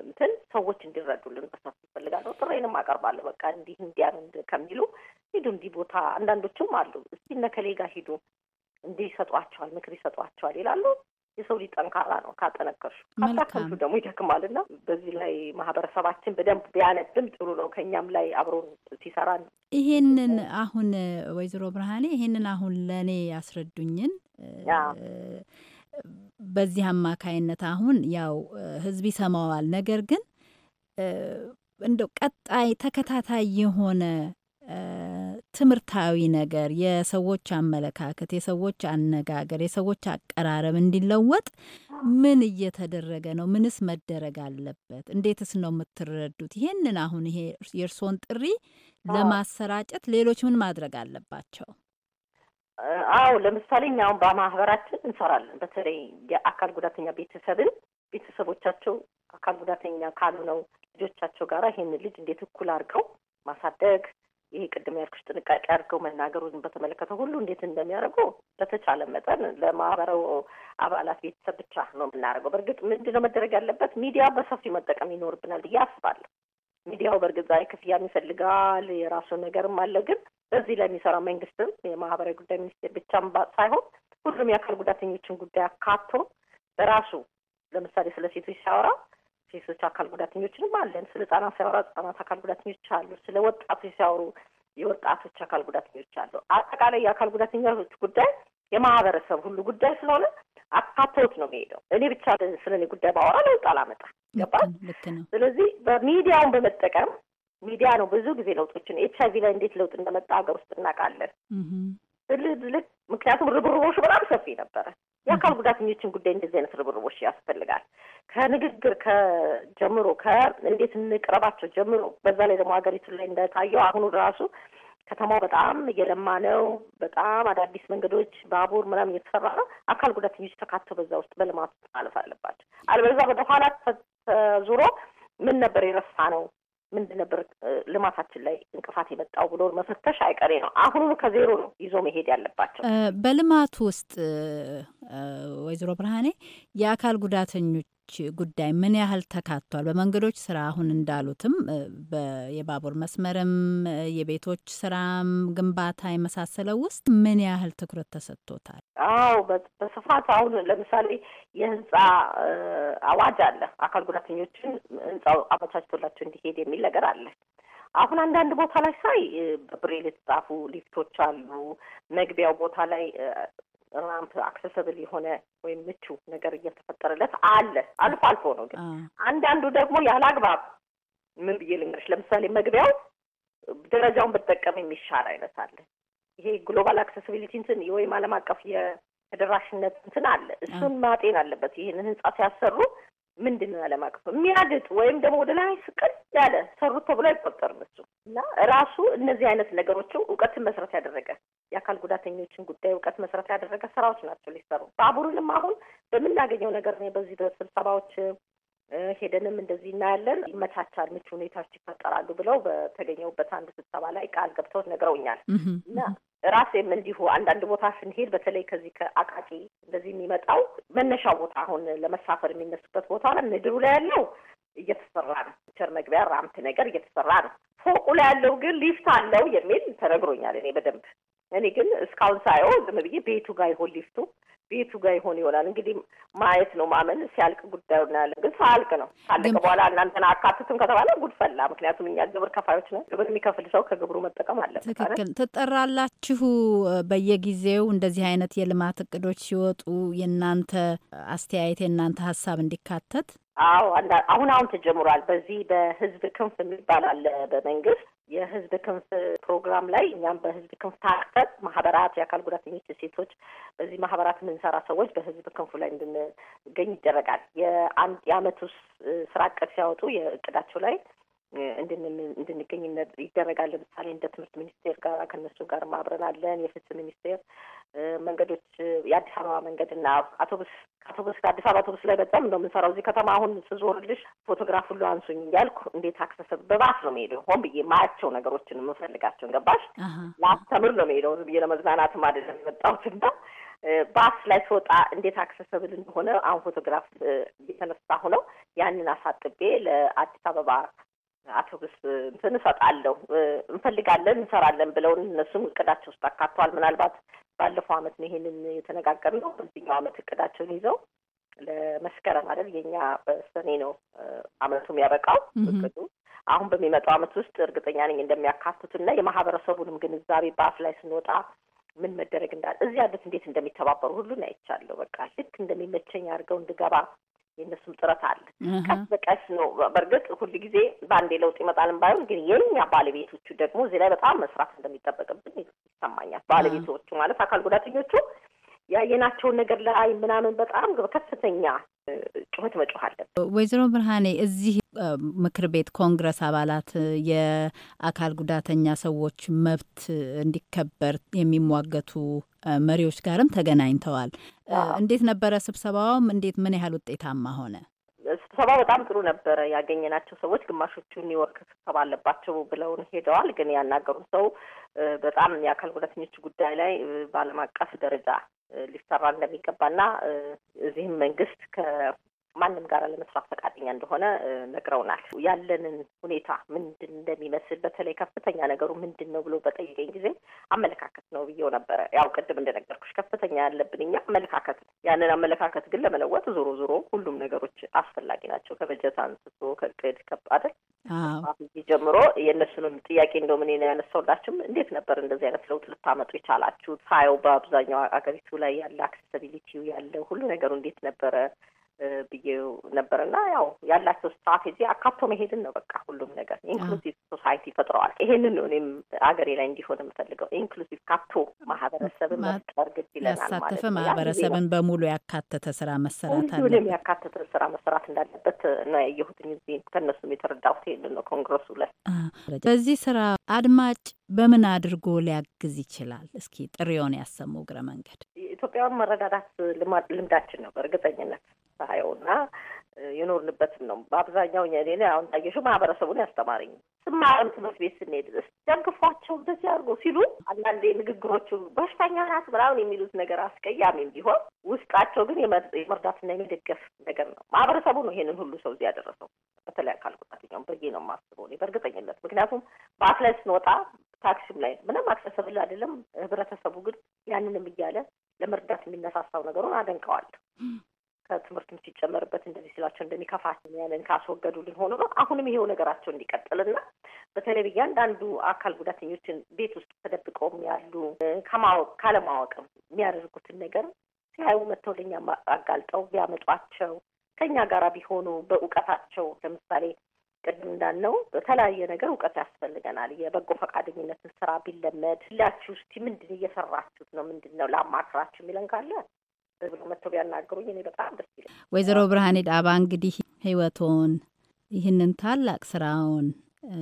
እንትን ሰዎች እንዲረዱልን መስራት ይፈልጋለሁ። ጥሬንም አቀርባለሁ። በቃ እንዲህ እንዲያን ከሚሉ ሂዱ እንዲህ ቦታ አንዳንዶችም አሉ እስቲ እነ ከሌ ጋር ሂዱ እንዲህ ይሰጧቸዋል፣ ምክር ይሰጧቸዋል ይላሉ። የሰው ልጅ ጠንካራ ነው። ካጠነከርሹ ካታከምሹ ደግሞ ይደክማል እና በዚህ ላይ ማህበረሰባችን በደንብ ቢያነብም ጥሩ ነው። ከእኛም ላይ አብሮን ሲሰራ ይሄንን አሁን ወይዘሮ ብርሃኔ ይሄንን አሁን ለእኔ ያስረዱኝን በዚህ አማካይነት አሁን ያው ህዝብ ይሰማዋል። ነገር ግን እንደው ቀጣይ ተከታታይ የሆነ ትምህርታዊ ነገር፣ የሰዎች አመለካከት፣ የሰዎች አነጋገር፣ የሰዎች አቀራረብ እንዲለወጥ ምን እየተደረገ ነው? ምንስ መደረግ አለበት? እንዴትስ ነው የምትረዱት? ይህንን አሁን ይሄ የእርስዎን ጥሪ ለማሰራጨት ሌሎች ምን ማድረግ አለባቸው? አዎ ለምሳሌ እኛ አሁን በማህበራችን እንሰራለን። በተለይ የአካል ጉዳተኛ ቤተሰብን ቤተሰቦቻቸው አካል ጉዳተኛ ካልሆነው ልጆቻቸው ጋር ይህንን ልጅ እንዴት እኩል አድርገው ማሳደግ ይሄ ቅድም ያልኩሽ ጥንቃቄ አድርገው መናገሩን በተመለከተ ሁሉ እንዴት እንደሚያደርጉ በተቻለ መጠን ለማህበረው አባላት ቤተሰብ ብቻ ነው የምናደርገው። በእርግጥ ምንድነው መደረግ ያለበት ሚዲያ በሰፊ መጠቀም ይኖርብናል ብዬ አስባለሁ። ሚዲያው በእርግጥ ዛሬ ክፍያም ይፈልጋል፣ የራሱ ነገርም አለ። ግን በዚህ ላይ የሚሰራ መንግስትም የማህበራዊ ጉዳይ ሚኒስቴር ብቻም ሳይሆን ሁሉም የአካል ጉዳተኞችን ጉዳይ አካቶ በራሱ ለምሳሌ ስለ ሴቶች ሲያወራ ሴቶች አካል ጉዳተኞችንም አለን። ስለ ህጻናት ሲያወራ ህጻናት አካል ጉዳተኞች አሉ። ስለ ወጣቶች ሲያወሩ የወጣቶች አካል ጉዳተኞች አሉ። አጠቃላይ የአካል ጉዳተኞች ጉዳይ የማህበረሰብ ሁሉ ጉዳይ ስለሆነ አካቶት ነው የሚሄደው። እኔ ብቻ ስለ እኔ ጉዳይ ባወራ ለውጥ አላመጣ ገባል። ስለዚህ በሚዲያውን በመጠቀም ሚዲያ ነው ብዙ ጊዜ ለውጦችን ኤች አይቪ ላይ እንዴት ለውጥ እንደመጣ ሀገር ውስጥ እናውቃለን። ምክንያቱም ርብርቦሹ በጣም ሰፊ ነበረ። የአካል ጉዳተኞችን ጉዳይ እንደዚህ አይነት ርብርቦች ያስፈልጋል። ከንግግር ከጀምሮ ከእንዴት እንቅረባቸው ጀምሮ በዛ ላይ ደግሞ ሀገሪቱ ላይ እንደታየው አሁኑ ራሱ ከተማው በጣም እየለማ ነው። በጣም አዳዲስ መንገዶች፣ ባቡር ምናምን እየተሰራ ነው። አካል ጉዳተኞች ተካተው በዛ ውስጥ በልማት ማለፍ አለባቸው። አለበለዚያ ወደኋላ ተዙሮ ምን ነበር የረሳ ነው ምንድን ነበር ልማታችን ላይ እንቅፋት የመጣው ብሎ መፈተሽ አይቀሬ ነው። አሁኑ ከዜሮ ነው ይዞ መሄድ ያለባቸው። በልማት ውስጥ ወይዘሮ ብርሃኔ የአካል ጉዳተኞች ጉዳይ ምን ያህል ተካቷል? በመንገዶች ስራ አሁን እንዳሉትም የባቡር መስመርም የቤቶች ስራም ግንባታ የመሳሰለው ውስጥ ምን ያህል ትኩረት ተሰጥቶታል? አዎ በስፋት አሁን ለምሳሌ የህንፃ አዋጅ አለ። አካል ጉዳተኞችን ህንፃው አመቻችቶላቸው እንዲሄድ የሚል ነገር አለ። አሁን አንዳንድ ቦታ ላይ ሳይ በብሬል የተጻፉ ሊፍቶች አሉ። መግቢያው ቦታ ላይ ራምፕ አክሰሰብል የሆነ ወይም ምቹ ነገር እየተፈጠረለት አለ። አልፎ አልፎ ነው ግን አንዳንዱ ደግሞ ያለ አግባብ ምን ብዬ ልንገርሽ፣ ለምሳሌ መግቢያው ደረጃውን ብጠቀም የሚሻል አይነት አለ። ይሄ ግሎባል አክሰሲቢሊቲ እንትን ወይም ዓለም አቀፍ የተደራሽነት እንትን አለ። እሱን ማጤን አለበት። ይህን ህንጻ ሲያሰሩ ምንድን ነው ዓለም የሚያድጥ ወይም ደግሞ ወደ ላይ ስቅል ያለ ሰሩ ተብሎ አይቆጠርም እሱ እና ራሱ እነዚህ አይነት ነገሮች እውቀትን መሰረት ያደረገ የአካል ጉዳተኞችን ጉዳይ እውቀት መሰረት ያደረገ ስራዎች ናቸው ሊሰሩ ባቡርንም አሁን በምናገኘው ነገር በዚህ በስብሰባዎች ሄደንም እንደዚህ እናያለን፣ ይመቻቻል፣ ምቹ ሁኔታዎች ይፈጠራሉ ብለው በተገኘውበት አንድ ስብሰባ ላይ ቃል ገብተው ነግረውኛል እና ራሴም እንዲሁ አንዳንድ ቦታ ስንሄድ በተለይ ከዚህ ከአቃቂ እንደዚህ የሚመጣው መነሻው ቦታ አሁን ለመሳፈር የሚነሱበት ቦታ ላይ ምድሩ ላይ ያለው እየተሰራ ነው። ቸር መግቢያ ራምፕ ነገር እየተሰራ ነው። ፎቁ ላይ ያለው ግን ሊፍት አለው የሚል ተነግሮኛል። እኔ በደንብ እኔ ግን እስካሁን ሳየው ዝም ብዬ ቤቱ ጋር ይሆን ሊፍቱ ቤቱ ጋር ይሆን ይሆናል እንግዲህ ማየት ነው ማመን። ሲያልቅ ጉዳዩ እናያለን። ግን ሳያልቅ ነው። ካለቀ በኋላ እናንተን አካትትም ከተባለ ጉድ ፈላ። ምክንያቱም እኛ ግብር ከፋዮች ነን። ግብር የሚከፍል ሰው ከግብሩ መጠቀም አለበት። ትክክል። ትጠራላችሁ በየጊዜው እንደዚህ አይነት የልማት እቅዶች ሲወጡ የእናንተ አስተያየት የእናንተ ሀሳብ እንዲካተት አዎ አሁን አሁን ተጀምሯል። በዚህ በህዝብ ክንፍ የሚባል አለ በመንግስት የህዝብ ክንፍ ፕሮግራም ላይ እኛም በህዝብ ክንፍ ታክተን ማህበራት፣ የአካል ጉዳተኞች፣ ሴቶች በዚህ ማህበራት የምንሰራ ሰዎች በህዝብ ክንፉ ላይ እንድንገኝ ይደረጋል። የአንድ ስራ እቅድ ሲያወጡ የእቅዳቸው ላይ እንድንገኝ ይደረጋል። ለምሳሌ እንደ ትምህርት ሚኒስቴር ጋር ከነሱ ጋር ማብረን አለን። የፍትህ ሚኒስቴር መንገዶች የአዲስ አበባ መንገድና አውቶቡስ ከአውቶቡስ ከአዲስ አበባ አውቶቡስ ላይ በጣም ነው የምንሰራው። እዚህ ከተማ አሁን ስዞርልሽ ፎቶግራፍ ሁሉ አንሱኝ እያልኩ እንዴት አክሰስ በባስ ነው የምሄደው። ሆን ብዬ ማያቸው ነገሮችን የምፈልጋቸውን ገባሽ፣ ለአስተምር ነው የምሄደው ብዬ ለመዝናናትም አይደለም እና ባስ ላይ ስወጣ እንዴት አክሰሰብል እንደሆነ አሁን ፎቶግራፍ እየተነሳ ሆነው ያንን አሳጥቤ ለአዲስ አበባ አውቶቡስ እንትን እሰጣለሁ። እንፈልጋለን እንሰራለን ብለውን እነሱም እቅዳቸው ውስጥ አካተዋል። ምናልባት ባለፈው አመት ነው ይሄንን የተነጋገር ነው። በዚህኛው አመት እቅዳቸውን ይዘው ለመስከረም አይደል የኛ በሰኔ ነው አመቱም ያበቃው እቅዱ። አሁን በሚመጣው አመት ውስጥ እርግጠኛ ነኝ እንደሚያካትቱ እንደሚያካትቱና የማህበረሰቡንም ግንዛቤ በአፍ ላይ ስንወጣ ምን መደረግ እንዳለ እዚህ ያሉት እንዴት እንደሚተባበሩ ሁሉን አይቻለሁ። በቃ ልክ እንደሚመቸኝ አድርገው እንድገባ የእነሱም ጥረት አለ። ቀስ በቀስ ነው። በእርግጥ ሁል ጊዜ በአንዴ ለውጥ ይመጣልን ባይሆን፣ ግን የኛ ባለቤቶቹ ደግሞ እዚህ ላይ በጣም መስራት እንደሚጠበቅብን ይሰማኛል። ባለቤቶቹ ማለት አካል ጉዳተኞቹ ያየናቸውን ነገር ላይ ምናምን በጣም ከፍተኛ ጩኸት መጮህ አለን። ወይዘሮ ብርሃኔ እዚህ ምክር ቤት ኮንግረስ አባላት የአካል ጉዳተኛ ሰዎች መብት እንዲከበር የሚሟገቱ መሪዎች ጋርም ተገናኝተዋል። እንዴት ነበረ ስብሰባውም? እንዴት ምን ያህል ውጤታማ ሆነ? ስብሰባ በጣም ጥሩ ነበረ። ያገኘናቸው ሰዎች ግማሾቹ ኒውዮርክ ስብሰባ አለባቸው ብለውን ሄደዋል። ግን ያናገሩን ሰው በጣም የአካል ጉዳተኞች ጉዳይ ላይ በዓለም አቀፍ ደረጃ ሊሰራ እንደሚገባና እዚህም መንግስት ማንም ጋር ለመስራት ፈቃደኛ እንደሆነ ነግረውናል። ያለንን ሁኔታ ምንድን እንደሚመስል በተለይ ከፍተኛ ነገሩ ምንድን ነው ብሎ በጠየቀኝ ጊዜ አመለካከት ነው ብዬው ነበረ። ያው ቅድም እንደነገርኩሽ ከፍተኛ ያለብን እኛ አመለካከት ነው። ያንን አመለካከት ግን ለመለወጥ ዞሮ ዞሮ ሁሉም ነገሮች አስፈላጊ ናቸው። ከበጀት አንስቶ ከቅድ ከባደል ጀምሮ የእነሱንም ጥያቄ እንደው ምን ነው ያነሳውላችሁም እንዴት ነበር እንደዚህ አይነት ለውጥ ልታመጡ የቻላችሁ? ሳየው በአብዛኛው አገሪቱ ላይ ያለ አክሴሲቢሊቲው ያለ ሁሉ ነገሩ እንዴት ነበረ ብዬ ነበር እና ያው ያላቸው ስትራቴጂ አካቶ መሄድን ነው። በቃ ሁሉም ነገር ኢንክሉሲቭ ሶሳይቲ ፈጥረዋል። ይሄንን ነው እኔም አገሬ ላይ እንዲሆን የምፈልገው። ኢንክሉሲቭ ካቶ ማህበረሰብን መፍጠር ግድ ይለናል ማለት ማህበረሰብን በሙሉ ያካተተ ስራ መሰራት አለ። ሁሉንም ያካተተ ስራ መሰራት እንዳለበት ነው ያየሁትኝ። እዚህ ከእነሱም የተረዳሁት ይሄንን ነው። ኮንግረሱ ላይ በዚህ ስራ አድማጭ በምን አድርጎ ሊያግዝ ይችላል? እስኪ ጥሪውን ያሰሙ እግረ መንገድ ኢትዮጵያውን መረዳዳት ልማድ ልምዳችን ነው በእርግጠኝነት ሳየው እና የኖርንበትን ነው በአብዛኛው እኔ አሁን ታየሹ ማህበረሰቡን ያስተማረኝ ስማርም ትምህርት ቤት ስንሄድ ደግፏቸው እንደዚህ አድርጎ ሲሉ አንዳንዴ ንግግሮቹ በሽተኛ ናት ምናምን የሚሉት ነገር አስቀያሚም ቢሆን ውስጣቸው ግን የመርዳትና የመደገፍ ነገር ነው። ማህበረሰቡ ነው ይሄንን ሁሉ ሰው እዚህ ያደረሰው። በተለይ አካል ጉዳተኛውን ብዬ ነው የማስበው እኔ በእርግጠኝነት ምክንያቱም በአፍ ላይ ስንወጣ ታክሲም ላይ ምንም አክሰሰብል አይደለም። ህብረተሰቡ ግን ያንንም እያለ ለመርዳት የሚነሳሳው ነገሩን አደንቀዋል። ከትምህርቱም ሲጨመርበት እንደዚህ ስላቸው እንደሚከፋቸው ያንን ካስወገዱልን ሆኖ ነው። አሁንም ይሄው ነገራቸው እንዲቀጥልና በተለይ እያንዳንዱ አካል ጉዳተኞችን ቤት ውስጥ ተደብቀውም ያሉ ከማወቅ ካለማወቅም የሚያደርጉትን ነገር ሲያዩ መጥተው ለኛ አጋልጠው ቢያመጧቸው ከኛ ጋራ ቢሆኑ በእውቀታቸው ለምሳሌ ቅድም እንዳልነው በተለያየ ነገር እውቀት ያስፈልገናል። የበጎ ፈቃደኝነትን ስራ ቢለመድ ሁላችሁ እስቲ ምንድን እየሰራችሁት ነው? ምንድን ነው ላማክራችሁ የሚለን ካለ ብሎ መጥቶ ቢያናግሩኝ እኔ በጣም ደስ ይላል። ወይዘሮ ብርሃኔ ዳባ እንግዲህ ህይወቶን ይህንን ታላቅ ስራውን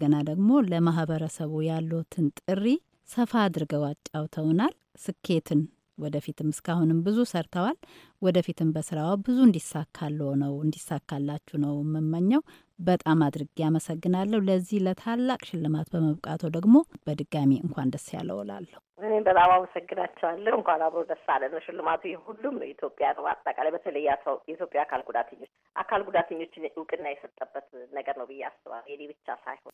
ገና ደግሞ ለማህበረሰቡ ያሉትን ጥሪ ሰፋ አድርገው አጫውተውናል። ስኬትን ወደፊትም እስካሁንም ብዙ ሰርተዋል። ወደፊትም በስራዋ ብዙ እንዲሳካለው ነው እንዲሳካላችሁ ነው የምመኘው። በጣም አድርጌ ያመሰግናለሁ። ለዚህ ለታላቅ ሽልማት በመብቃቶ ደግሞ በድጋሚ እንኳን ደስ ያለው እላለሁ። እኔም በጣም አመሰግናቸዋለሁ። እንኳን አብሮ ደስ አለ ነው ሽልማቱ ሁሉም ነው ኢትዮጵያ ነው አጠቃላይ በተለይ የኢትዮጵያ አካል ጉዳተኞች አካል ጉዳተኞችን እውቅና የሰጠበት ነገር ነው ብዬ አስባለሁ። የኔ ብቻ ሳይሆን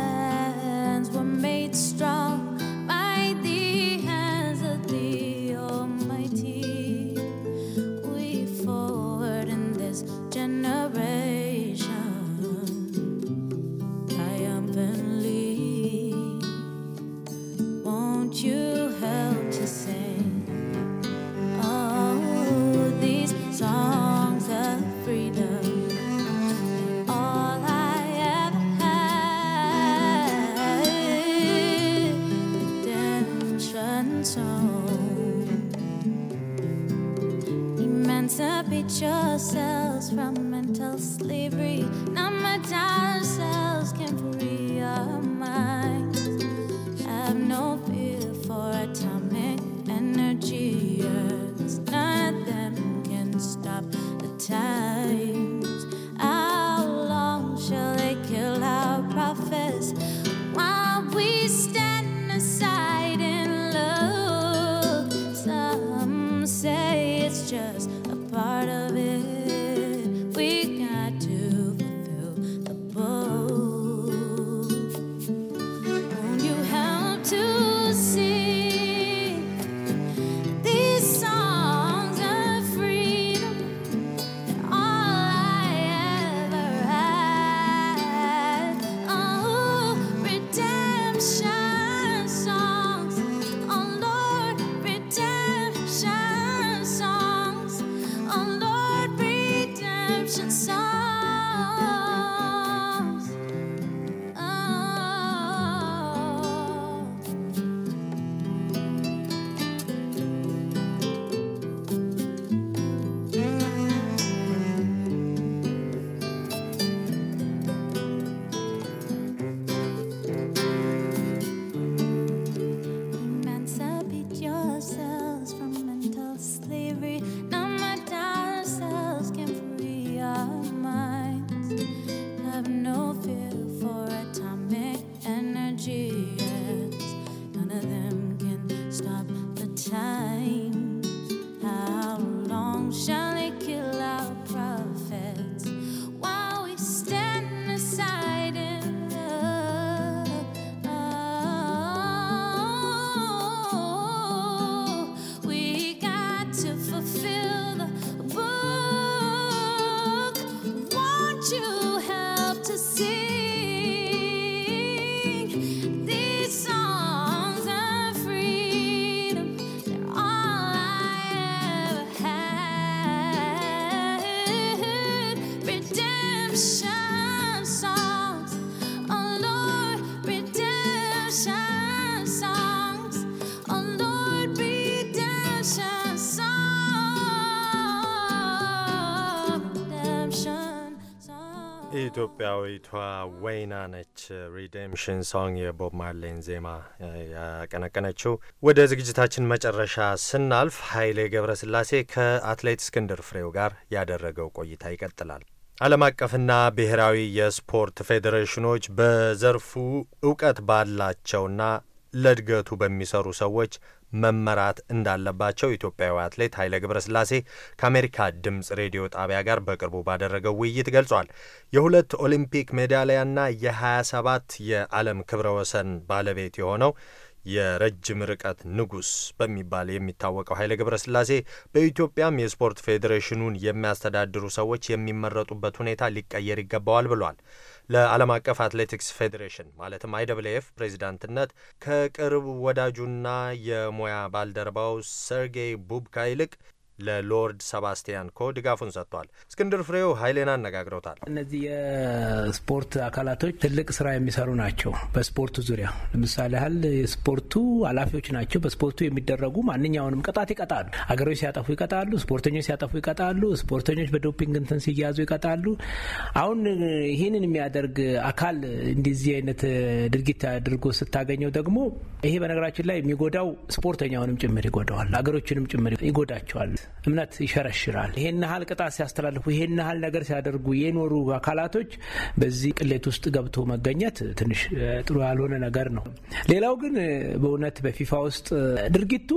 ኢትዮጵያዊቷ ወይና ነች ሪዴምሽን ሶንግ የቦብ ማርሌን ዜማ ያቀነቀነችው። ወደ ዝግጅታችን መጨረሻ ስናልፍ ኃይሌ ገብረስላሴ ከአትሌት እስክንድር ፍሬው ጋር ያደረገው ቆይታ ይቀጥላል። ዓለም አቀፍና ብሔራዊ የስፖርት ፌዴሬሽኖች በዘርፉ እውቀት ባላቸውና ለእድገቱ በሚሰሩ ሰዎች መመራት እንዳለባቸው ኢትዮጵያዊ አትሌት ኃይሌ ገብረስላሴ ከአሜሪካ ድምፅ ሬዲዮ ጣቢያ ጋር በቅርቡ ባደረገው ውይይት ገልጿል። የሁለት ኦሊምፒክ ሜዳሊያና የ27 የዓለም ክብረ ወሰን ባለቤት የሆነው የረጅም ርቀት ንጉስ በሚባል የሚታወቀው ኃይሌ ገብረስላሴ በኢትዮጵያም የስፖርት ፌዴሬሽኑን የሚያስተዳድሩ ሰዎች የሚመረጡበት ሁኔታ ሊቀየር ይገባዋል ብሏል። ለዓለም አቀፍ አትሌቲክስ ፌዴሬሽን ማለትም አይደብልኤፍ ፕሬዚዳንትነት ከቅርብ ወዳጁና የሙያ ባልደረባው ሰርጌይ ቡብካ ይልቅ ለሎርድ ሰባስቲያን ኮ ድጋፉን ሰጥቷል። እስክንድር ፍሬው ኃይሌን አነጋግረውታል። እነዚህ የስፖርት አካላቶች ትልቅ ስራ የሚሰሩ ናቸው። በስፖርቱ ዙሪያ ለምሳሌ ያህል የስፖርቱ ኃላፊዎች ናቸው። በስፖርቱ የሚደረጉ ማንኛውንም ቅጣት ይቀጣሉ። አገሮች ሲያጠፉ ይቀጣሉ። ስፖርተኞች ሲያጠፉ ይቀጣሉ። ስፖርተኞች በዶፒንግ እንትን ሲያዙ ይቀጣሉ። አሁን ይህንን የሚያደርግ አካል እንዲዚህ አይነት ድርጊት አድርጎ ስታገኘው ደግሞ ይሄ በነገራችን ላይ የሚጎዳው ስፖርተኛውንም ጭምር ይጎዳዋል። አገሮችንም ጭምር ይጎዳቸዋል። እምነት ይሸረሽራል። ይሄን ያህል ቅጣት ሲያስተላልፉ፣ ይሄን ያህል ነገር ሲያደርጉ የኖሩ አካላቶች በዚህ ቅሌት ውስጥ ገብቶ መገኘት ትንሽ ጥሩ ያልሆነ ነገር ነው። ሌላው ግን በእውነት በፊፋ ውስጥ ድርጊቱ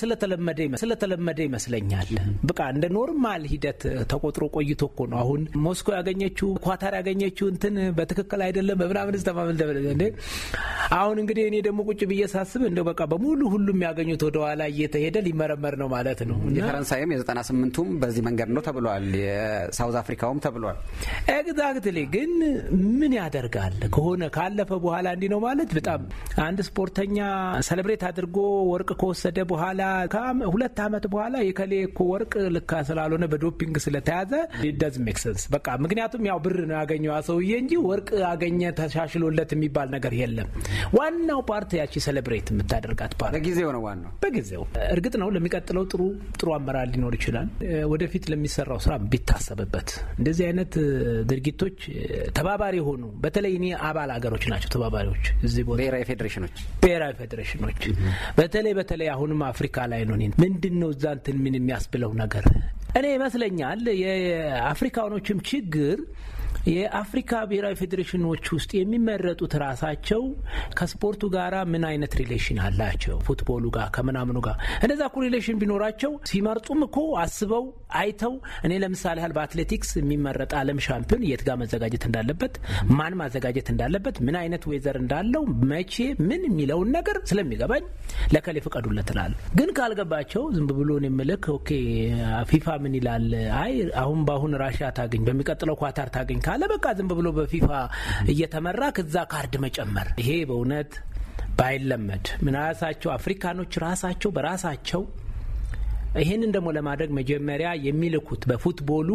ስለተለመደ ይመስለኛል። በቃ እንደ ኖርማል ሂደት ተቆጥሮ ቆይቶ እኮ ነው። አሁን ሞስኮ ያገኘችው ኳታር ያገኘችው እንትን በትክክል አይደለም በምናምን ስተማመል አሁን እንግዲህ እኔ ደግሞ ቁጭ ብዬ ሳስብ እንደው በቃ በሙሉ ሁሉም የሚያገኙት ወደኋላ እየተሄደ ሊመረመር ነው ማለት ነው። የፈረንሳይም የዘጠና ስምንቱም በዚህ መንገድ ነው ተብሏል። የሳውዝ አፍሪካውም ተብሏል። ኤግዛክትሊ ግን ምን ያደርጋል ከሆነ ካለፈ በኋላ እንዲህ ነው ማለት በጣም አንድ ስፖርተኛ ሰለብሬት አድርጎ ወርቅ ከወሰደ በኋላ ሁለት ዓመት በኋላ የከሌ እኮ ወርቅ ልካ ስላልሆነ በዶፒንግ ስለተያዘ ዳዝ ሜክ ሰንስ በቃ ምክንያቱም ያው ብር ነው ያገኘው ሰውዬ እንጂ ወርቅ አገኘ ተሻሽሎለት የሚባል ነገር የለም። ዋናው ፓርት ያቺ ሴሌብሬት የምታደርጋት ፓርት በጊዜው ነው ዋናው በጊዜው። እርግጥ ነው ለሚቀጥለው ጥሩ ጥሩ አመራር ሊኖር ይችላል። ወደፊት ለሚሰራው ስራ ቢታሰብበት እንደዚህ አይነት ድርጊቶች ተባባሪ የሆኑ በተለይ እኔ አባል ሀገሮች ናቸው ተባባሪዎች እዚህ ቦታ ብሔራዊ ፌዴሬሽኖች ብሔራዊ ፌዴሬሽኖች በተለይ በተለይ በተለይ አሁንም አፍሪካ ላይ ነው። ምንድን ነው እዛ እንትን ምን የሚያስብለው ነገር እኔ ይመስለኛል የአፍሪካኖችም ችግር የአፍሪካ ብሔራዊ ፌዴሬሽኖች ውስጥ የሚመረጡት ራሳቸው ከስፖርቱ ጋር ምን አይነት ሪሌሽን አላቸው? ፉትቦሉ ጋር ከምናምኑ ጋር እነዛ እኮ ሪሌሽን ቢኖራቸው ሲመርጡም እኮ አስበው አይተው። እኔ ለምሳሌ ያህል በአትሌቲክስ የሚመረጥ ዓለም ሻምፒዮን የት ጋር መዘጋጀት እንዳለበት፣ ማን ማዘጋጀት እንዳለበት፣ ምን አይነት ወይዘር እንዳለው፣ መቼ ምን የሚለውን ነገር ስለሚገባኝ ለከሌ ፍቀዱለት ግን ካልገባቸው ዝም ብሎ የምልክ ኦኬ ፊፋ ምን ይላል? አይ አሁን በአሁን ራሽያ ታገኝ፣ በሚቀጥለው ኳታር ታገኝ ካለ በቃ ዝም ብሎ በፊፋ እየተመራ ከዛ ካርድ መጨመር ይሄ በእውነት ባይለመድ ምን አፍሪካኖች ራሳቸው በራሳቸው ይህንን ደግሞ ለማድረግ መጀመሪያ የሚልኩት በፉትቦሉ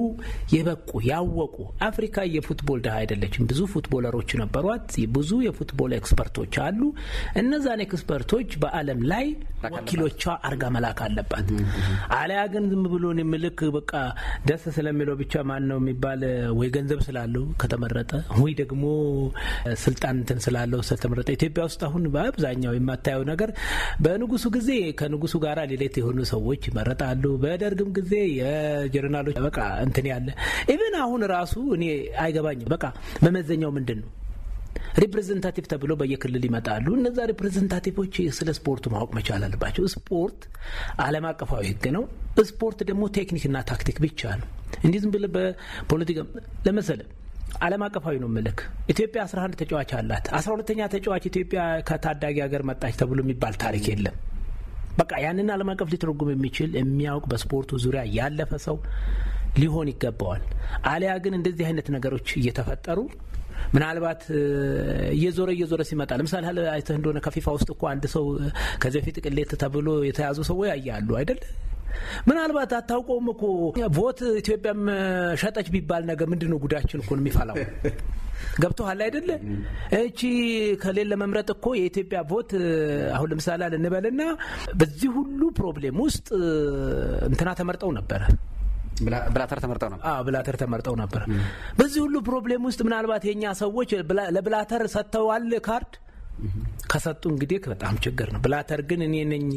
የበቁ ያወቁ። አፍሪካ የፉትቦል ድሃ አይደለችም። ብዙ ፉትቦለሮች ነበሯት። ብዙ የፉትቦል ኤክስፐርቶች አሉ። እነዛን ኤክስፐርቶች በዓለም ላይ ወኪሎቿ አርጋ መላክ አለባት። አለያ ግን ዝም ብሎ የሚልክ በቃ ደስ ስለሚለው ብቻ ማን ነው የሚባል ወይ ገንዘብ ስላለው ከተመረጠ ወይ ደግሞ ስልጣን እንትን ስላለው ስለተመረጠ ኢትዮጵያ ውስጥ አሁን በአብዛኛው የማታየው ነገር በንጉሱ ጊዜ ከንጉሱ ጋር ሌሌት የሆኑ ሰዎች ይመረጣሉ። በደርግም ጊዜ የጀርናሎች በቃ እንትን ያለ ኢቨን አሁን ራሱ እኔ አይገባኝም። በቃ መመዘኛው ምንድን ነው? ሪፕሬዘንታቲቭ ተብሎ በየክልል ይመጣሉ። እነዛ ሪፕሬዘንታቲቮች ስለ ስፖርቱ ማወቅ መቻል አለባቸው። ስፖርት ዓለም አቀፋዊ ሕግ ነው። ስፖርት ደግሞ ቴክኒክና ታክቲክ ብቻ ነው። እንዲህ ዝም ብለህ በፖለቲካ ለመሰለ ዓለም አቀፋዊ ነው ምልክ ኢትዮጵያ 11 ተጫዋች አላት። 12ተኛ ተጫዋች ኢትዮጵያ ከታዳጊ ሀገር መጣች ተብሎ የሚባል ታሪክ የለም። በቃ ያንን ዓለም አቀፍ ሊተረጉም የሚችል የሚያውቅ በስፖርቱ ዙሪያ ያለፈ ሰው ሊሆን ይገባዋል። አሊያ ግን እንደዚህ አይነት ነገሮች እየተፈጠሩ ምናልባት እየዞረ እየዞረ ሲመጣ ለምሳሌ አይተህ እንደሆነ ከፊፋ ውስጥ እኮ አንድ ሰው ከዚህ በፊት ቅሌት ተብሎ የተያዙ ሰው ያያሉ አይደል? ምናልባት አታውቀውም እኮ ቮት ኢትዮጵያም ሸጠች ቢባል ነገ ምንድን ነው ጉዳችን እኮ የሚፈላው ገብቶሃል አይደለ? እቺ ከሌለ ለመምረጥ እኮ የኢትዮጵያ ቮት አሁን ለምሳሌ አልንበልና በዚህ ሁሉ ፕሮብሌም ውስጥ እንትና ተመርጠው ነበረ ብላተር ተመርጠው ነበር። ብላተር ተመርጠው ነበር። በዚህ ሁሉ ፕሮብሌም ውስጥ ምናልባት የኛ ሰዎች ለብላተር ሰጥተዋል ካርድ ከሰጡ እንግዲህ በጣም ችግር ነው። ብላተር ግን እኔ ነኝ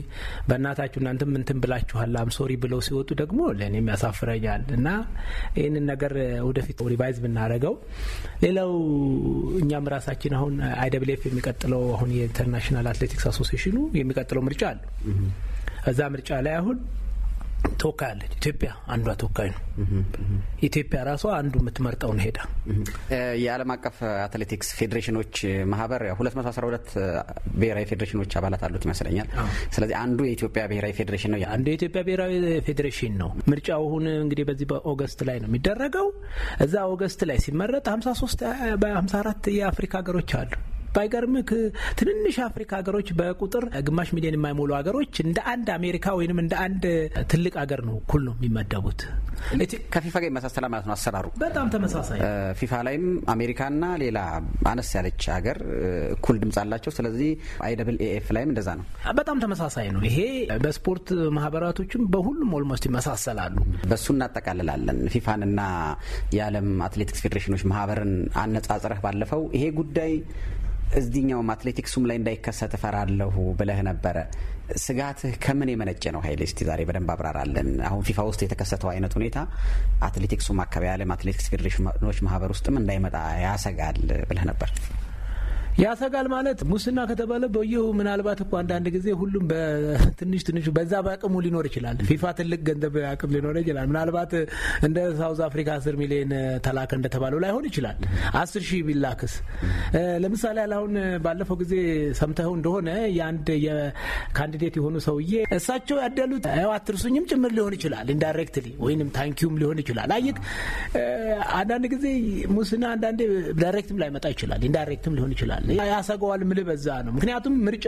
በእናታችሁ እናንትም ምንትን ብላችኋል አምሶሪ ብለው ሲወጡ ደግሞ ለእኔም ያሳፍረኛል እና ይህንን ነገር ወደፊት ሪቫይዝ ብናደረገው። ሌላው እኛም ራሳችን አሁን አይደብሌፍ የሚቀጥለው አሁን የኢንተርናሽናል አትሌቲክስ አሶሲሽኑ የሚቀጥለው ምርጫ አለ እዛ ምርጫ ላይ አሁን ተወካይ አለች ኢትዮጵያ አንዷ ተወካይ ነው። ኢትዮጵያ ራሷ አንዱ ነው ሄዳ የዓለም አቀፍ አትሌቲክስ ፌዴሬሽኖች ማህበር 212 ብሔራዊ ፌዴሬሽኖች አባላት አሉት ይመስለኛል። ስለዚህ አንዱ የኢትዮጵያ ብሔራዊ ፌዴሬሽን ነው። አንዱ የኢትዮጵያ ብሔራዊ ፌዴሬሽን ነው። ምርጫው አሁን እንግዲህ በዚህ በኦገስት ላይ ነው የሚደረገው። እዛ ኦገስት ላይ ሲመረጥ 53 በ54 የአፍሪካ ሀገሮች አሉ ባይገርምህ ትንንሽ አፍሪካ ሀገሮች በቁጥር ግማሽ ሚሊዮን የማይሞሉ ሀገሮች እንደ አንድ አሜሪካ ወይንም እንደ አንድ ትልቅ ሀገር ነው እኩል ነው የሚመደቡት። ከፊፋ ጋር ይመሳሰላል ማለት ነው አሰራሩ በጣም ተመሳሳይ። ፊፋ ላይም አሜሪካና ሌላ አነስ ያለች ሀገር እኩል ድምጽ አላቸው። ስለዚህ አይ ደብል ኤኤፍ ላይም እንደዛ ነው። በጣም ተመሳሳይ ነው። ይሄ በስፖርት ማህበራቶችም በሁሉም ኦልሞስት ይመሳሰላሉ። በእሱ እናጠቃልላለን። ፊፋንና የዓለም አትሌቲክስ ፌዴሬሽኖች ማህበርን አነጻጽረህ ባለፈው ይሄ ጉዳይ እዚኛውም አትሌቲክሱም ላይ እንዳይከሰት እፈራለሁ ብለህ ነበረ። ስጋትህ ከምን የመነጨ ነው ኃይሌ? እስቲ ዛሬ በደንብ አብራራለን። አሁን ፊፋ ውስጥ የተከሰተው አይነት ሁኔታ አትሌቲክሱም አካባቢ የዓለም አትሌቲክስ ፌዴሬሽኖች ማህበር ውስጥም እንዳይመጣ ያሰጋል ብለህ ነበር። ያሰጋል ማለት ሙስና ከተባለ በየው ምናልባት እኮ አንዳንድ ጊዜ ሁሉም በትንሽ ትንሹ በዛ በአቅሙ ሊኖር ይችላል። ፊፋ ትልቅ ገንዘብ አቅም ሊኖር ይችላል። ምናልባት እንደ ሳውዝ አፍሪካ አስር ሚሊዮን ተላከ እንደተባለው ላይሆን ይችላል። አስር ሺህ ቢላክስ ለምሳሌ አሁን ባለፈው ጊዜ ሰምተው እንደሆነ የአንድ የካንዲዴት የሆኑ ሰውዬ እሳቸው ያደሉት አትርሱኝም ጭምር ሊሆን ይችላል ኢንዳይሬክትሊ ወይም ታንኪዩም ሊሆን ይችላል። አይክ አንዳንድ ጊዜ ሙስና አንዳንዴ ዳይሬክትም ላይመጣ ይችላል፣ ኢንዳይሬክትም ሊሆን ይችላል። ያሰገዋል ምል በዛ ነው። ምክንያቱም ምርጫ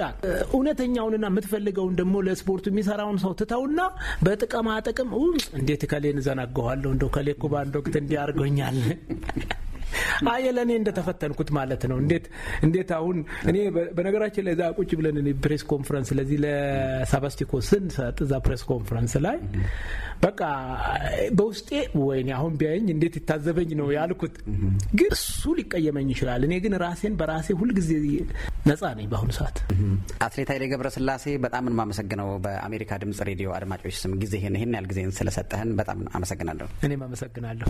እውነተኛውንና የምትፈልገውን ደግሞ ለስፖርቱ የሚሰራውን ሰው ትተውና በጥቅማ ጥቅም እንዴት ከሌን ዘናገኋለሁ እንደ ከሌ እኮ ወቅት አየ ለእኔ እንደተፈተንኩት ማለት ነው። እንዴት እንዴት አሁን እኔ በነገራችን ላይ እዛ ቁጭ ብለን ፕሬስ ኮንፈረንስ ለዚህ ለሳባስቲኮ ስንሰጥ እዛ ፕሬስ ኮንፈረንስ ላይ በቃ በውስጤ ወይኔ አሁን ቢያየኝ እንዴት ይታዘበኝ ነው ያልኩት። ግን እሱ ሊቀየመኝ ይችላል። እኔ ግን ራሴን በራሴ ሁልጊዜ ነጻ ነኝ። በአሁኑ ሰዓት አትሌት ኃይሌ ገብረስላሴ በጣም የማመሰግነው በአሜሪካ ድምጽ ሬዲዮ አድማጮች ስም ጊዜህን ይህን ያህል ጊዜን ስለሰጠህን በጣም አመሰግናለሁ። እኔም አመሰግናለሁ።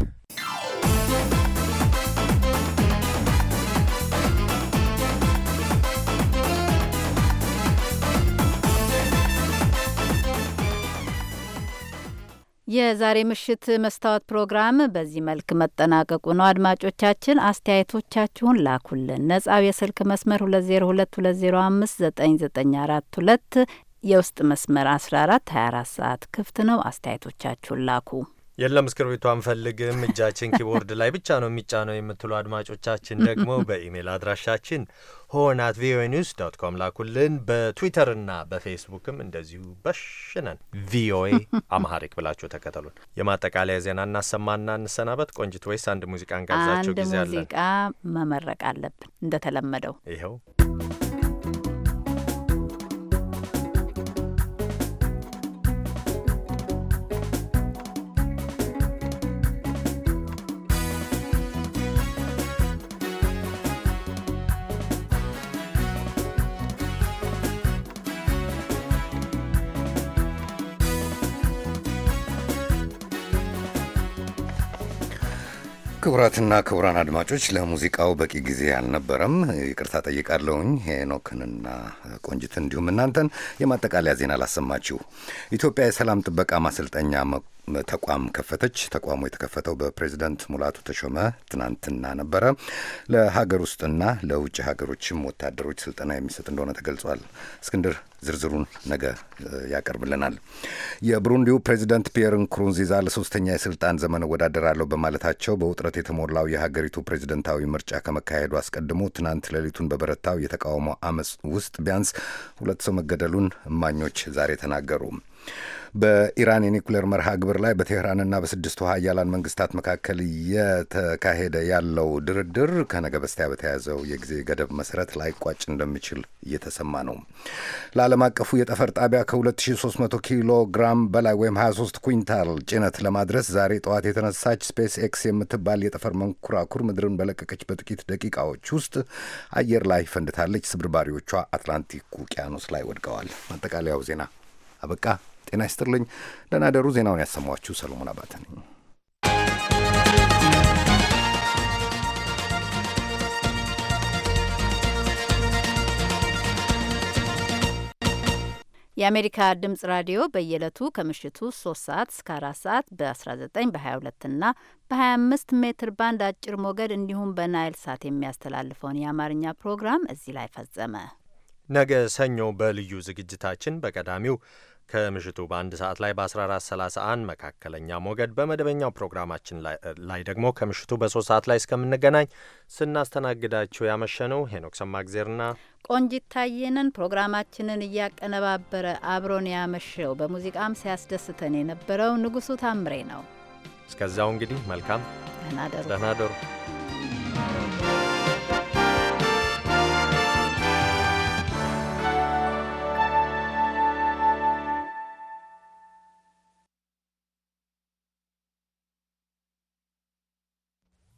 የዛሬ ምሽት መስታወት ፕሮግራም በዚህ መልክ መጠናቀቁ ነው። አድማጮቻችን አስተያየቶቻችሁን ላኩልን። ነጻው የስልክ መስመር 2022059942 የውስጥ መስመር 14 24 ሰዓት ክፍት ነው። አስተያየቶቻችሁን ላኩ። የለም እስክርቢቶ አንፈልግም እጃችን ኪቦርድ ላይ ብቻ ነው የሚጫነው የምትሉ አድማጮቻችን ደግሞ በኢሜይል አድራሻችን ሆን አት ቪኦኤ ኒውስ ዶት ኮም ላኩልን። በትዊተርና በፌስቡክም እንደዚሁ በሽነን ቪኦኤ አማሐሪክ ብላችሁ ተከተሉን። የማጠቃለያ ዜና እናሰማና እንሰናበት። ቆንጅት፣ ወይስ አንድ ሙዚቃ እንጋብዛቸው? ጊዜ አለን። አንድ ሙዚቃ መመረቅ አለብን እንደተለመደው ይኸው ክቡራትና ክቡራን አድማጮች ለሙዚቃው በቂ ጊዜ አልነበረም፣ ይቅርታ ጠይቃለሁኝ። ሄኖክንና ቆንጅትን እንዲሁም እናንተን የማጠቃለያ ዜና ላሰማችሁ። ኢትዮጵያ የሰላም ጥበቃ ማሰልጠኛ ተቋም ከፈተች። ተቋሙ የተከፈተው በፕሬዚደንት ሙላቱ ተሾመ ትናንትና ነበረ። ለሀገር ውስጥና ለውጭ ሀገሮችም ወታደሮች ስልጠና የሚሰጥ እንደሆነ ተገልጿል። እስክንድር ዝርዝሩን ነገ ያቀርብልናል። የብሩንዲው ፕሬዚደንት ፒየር ንኩሩንዚዛ ለሶስተኛ የስልጣን ዘመን እወዳደራለሁ በማለታቸው በውጥረት የተሞላው የሀገሪቱ ፕሬዚደንታዊ ምርጫ ከመካሄዱ አስቀድሞ ትናንት ሌሊቱን በበረታው የተቃውሞ አመፅ ውስጥ ቢያንስ ሁለት ሰው መገደሉን እማኞች ዛሬ ተናገሩ። በኢራን የኒኩሌር መርሃ ግብር ላይ በቴህራንና በስድስቱ ሀያላን መንግስታት መካከል እየተካሄደ ያለው ድርድር ከነገ በስቲያ በተያዘው የጊዜ ገደብ መሰረት ላይቋጭ እንደሚችል እየተሰማ ነው። ለዓለም አቀፉ የጠፈር ጣቢያ ከ2300 ኪሎ ግራም በላይ ወይም 23 ኩንታል ጭነት ለማድረስ ዛሬ ጠዋት የተነሳች ስፔስ ኤክስ የምትባል የጠፈር መንኩራኩር ምድርን በለቀቀች በጥቂት ደቂቃዎች ውስጥ አየር ላይ ፈንድታለች። ስብርባሪዎቿ አትላንቲክ ውቅያኖስ ላይ ወድቀዋል። ማጠቃለያው ዜና አበቃ። ጤና ይስጥልኝ። ደህና ደሩ። ዜናውን ያሰማችሁ ሰለሞን አባተ ነኝ። የአሜሪካ ድምጽ ራዲዮ በየዕለቱ ከምሽቱ 3 ሰዓት እስከ 4 ሰዓት በ19 በ22 እና በ25 ሜትር ባንድ አጭር ሞገድ እንዲሁም በናይል ሳት የሚያስተላልፈውን የአማርኛ ፕሮግራም እዚህ ላይ ፈጸመ። ነገ ሰኞ በልዩ ዝግጅታችን በቀዳሚው ከምሽቱ በአንድ ሰዓት ላይ በ1431 መካከለኛ ሞገድ በመደበኛው ፕሮግራማችን ላይ ደግሞ ከምሽቱ በሶስት ሰዓት ላይ እስከምንገናኝ ስናስተናግዳችሁ ያመሸነው ሄኖክ ሰማግዜርና ቆንጂት ታየንን ፕሮግራማችንን እያቀነባበረ አብሮን ያመሸው በሙዚቃም ሲያስደስተን የነበረው ንጉሱ ታምሬ ነው። እስከዚያው እንግዲህ መልካም ደህና ደሩ።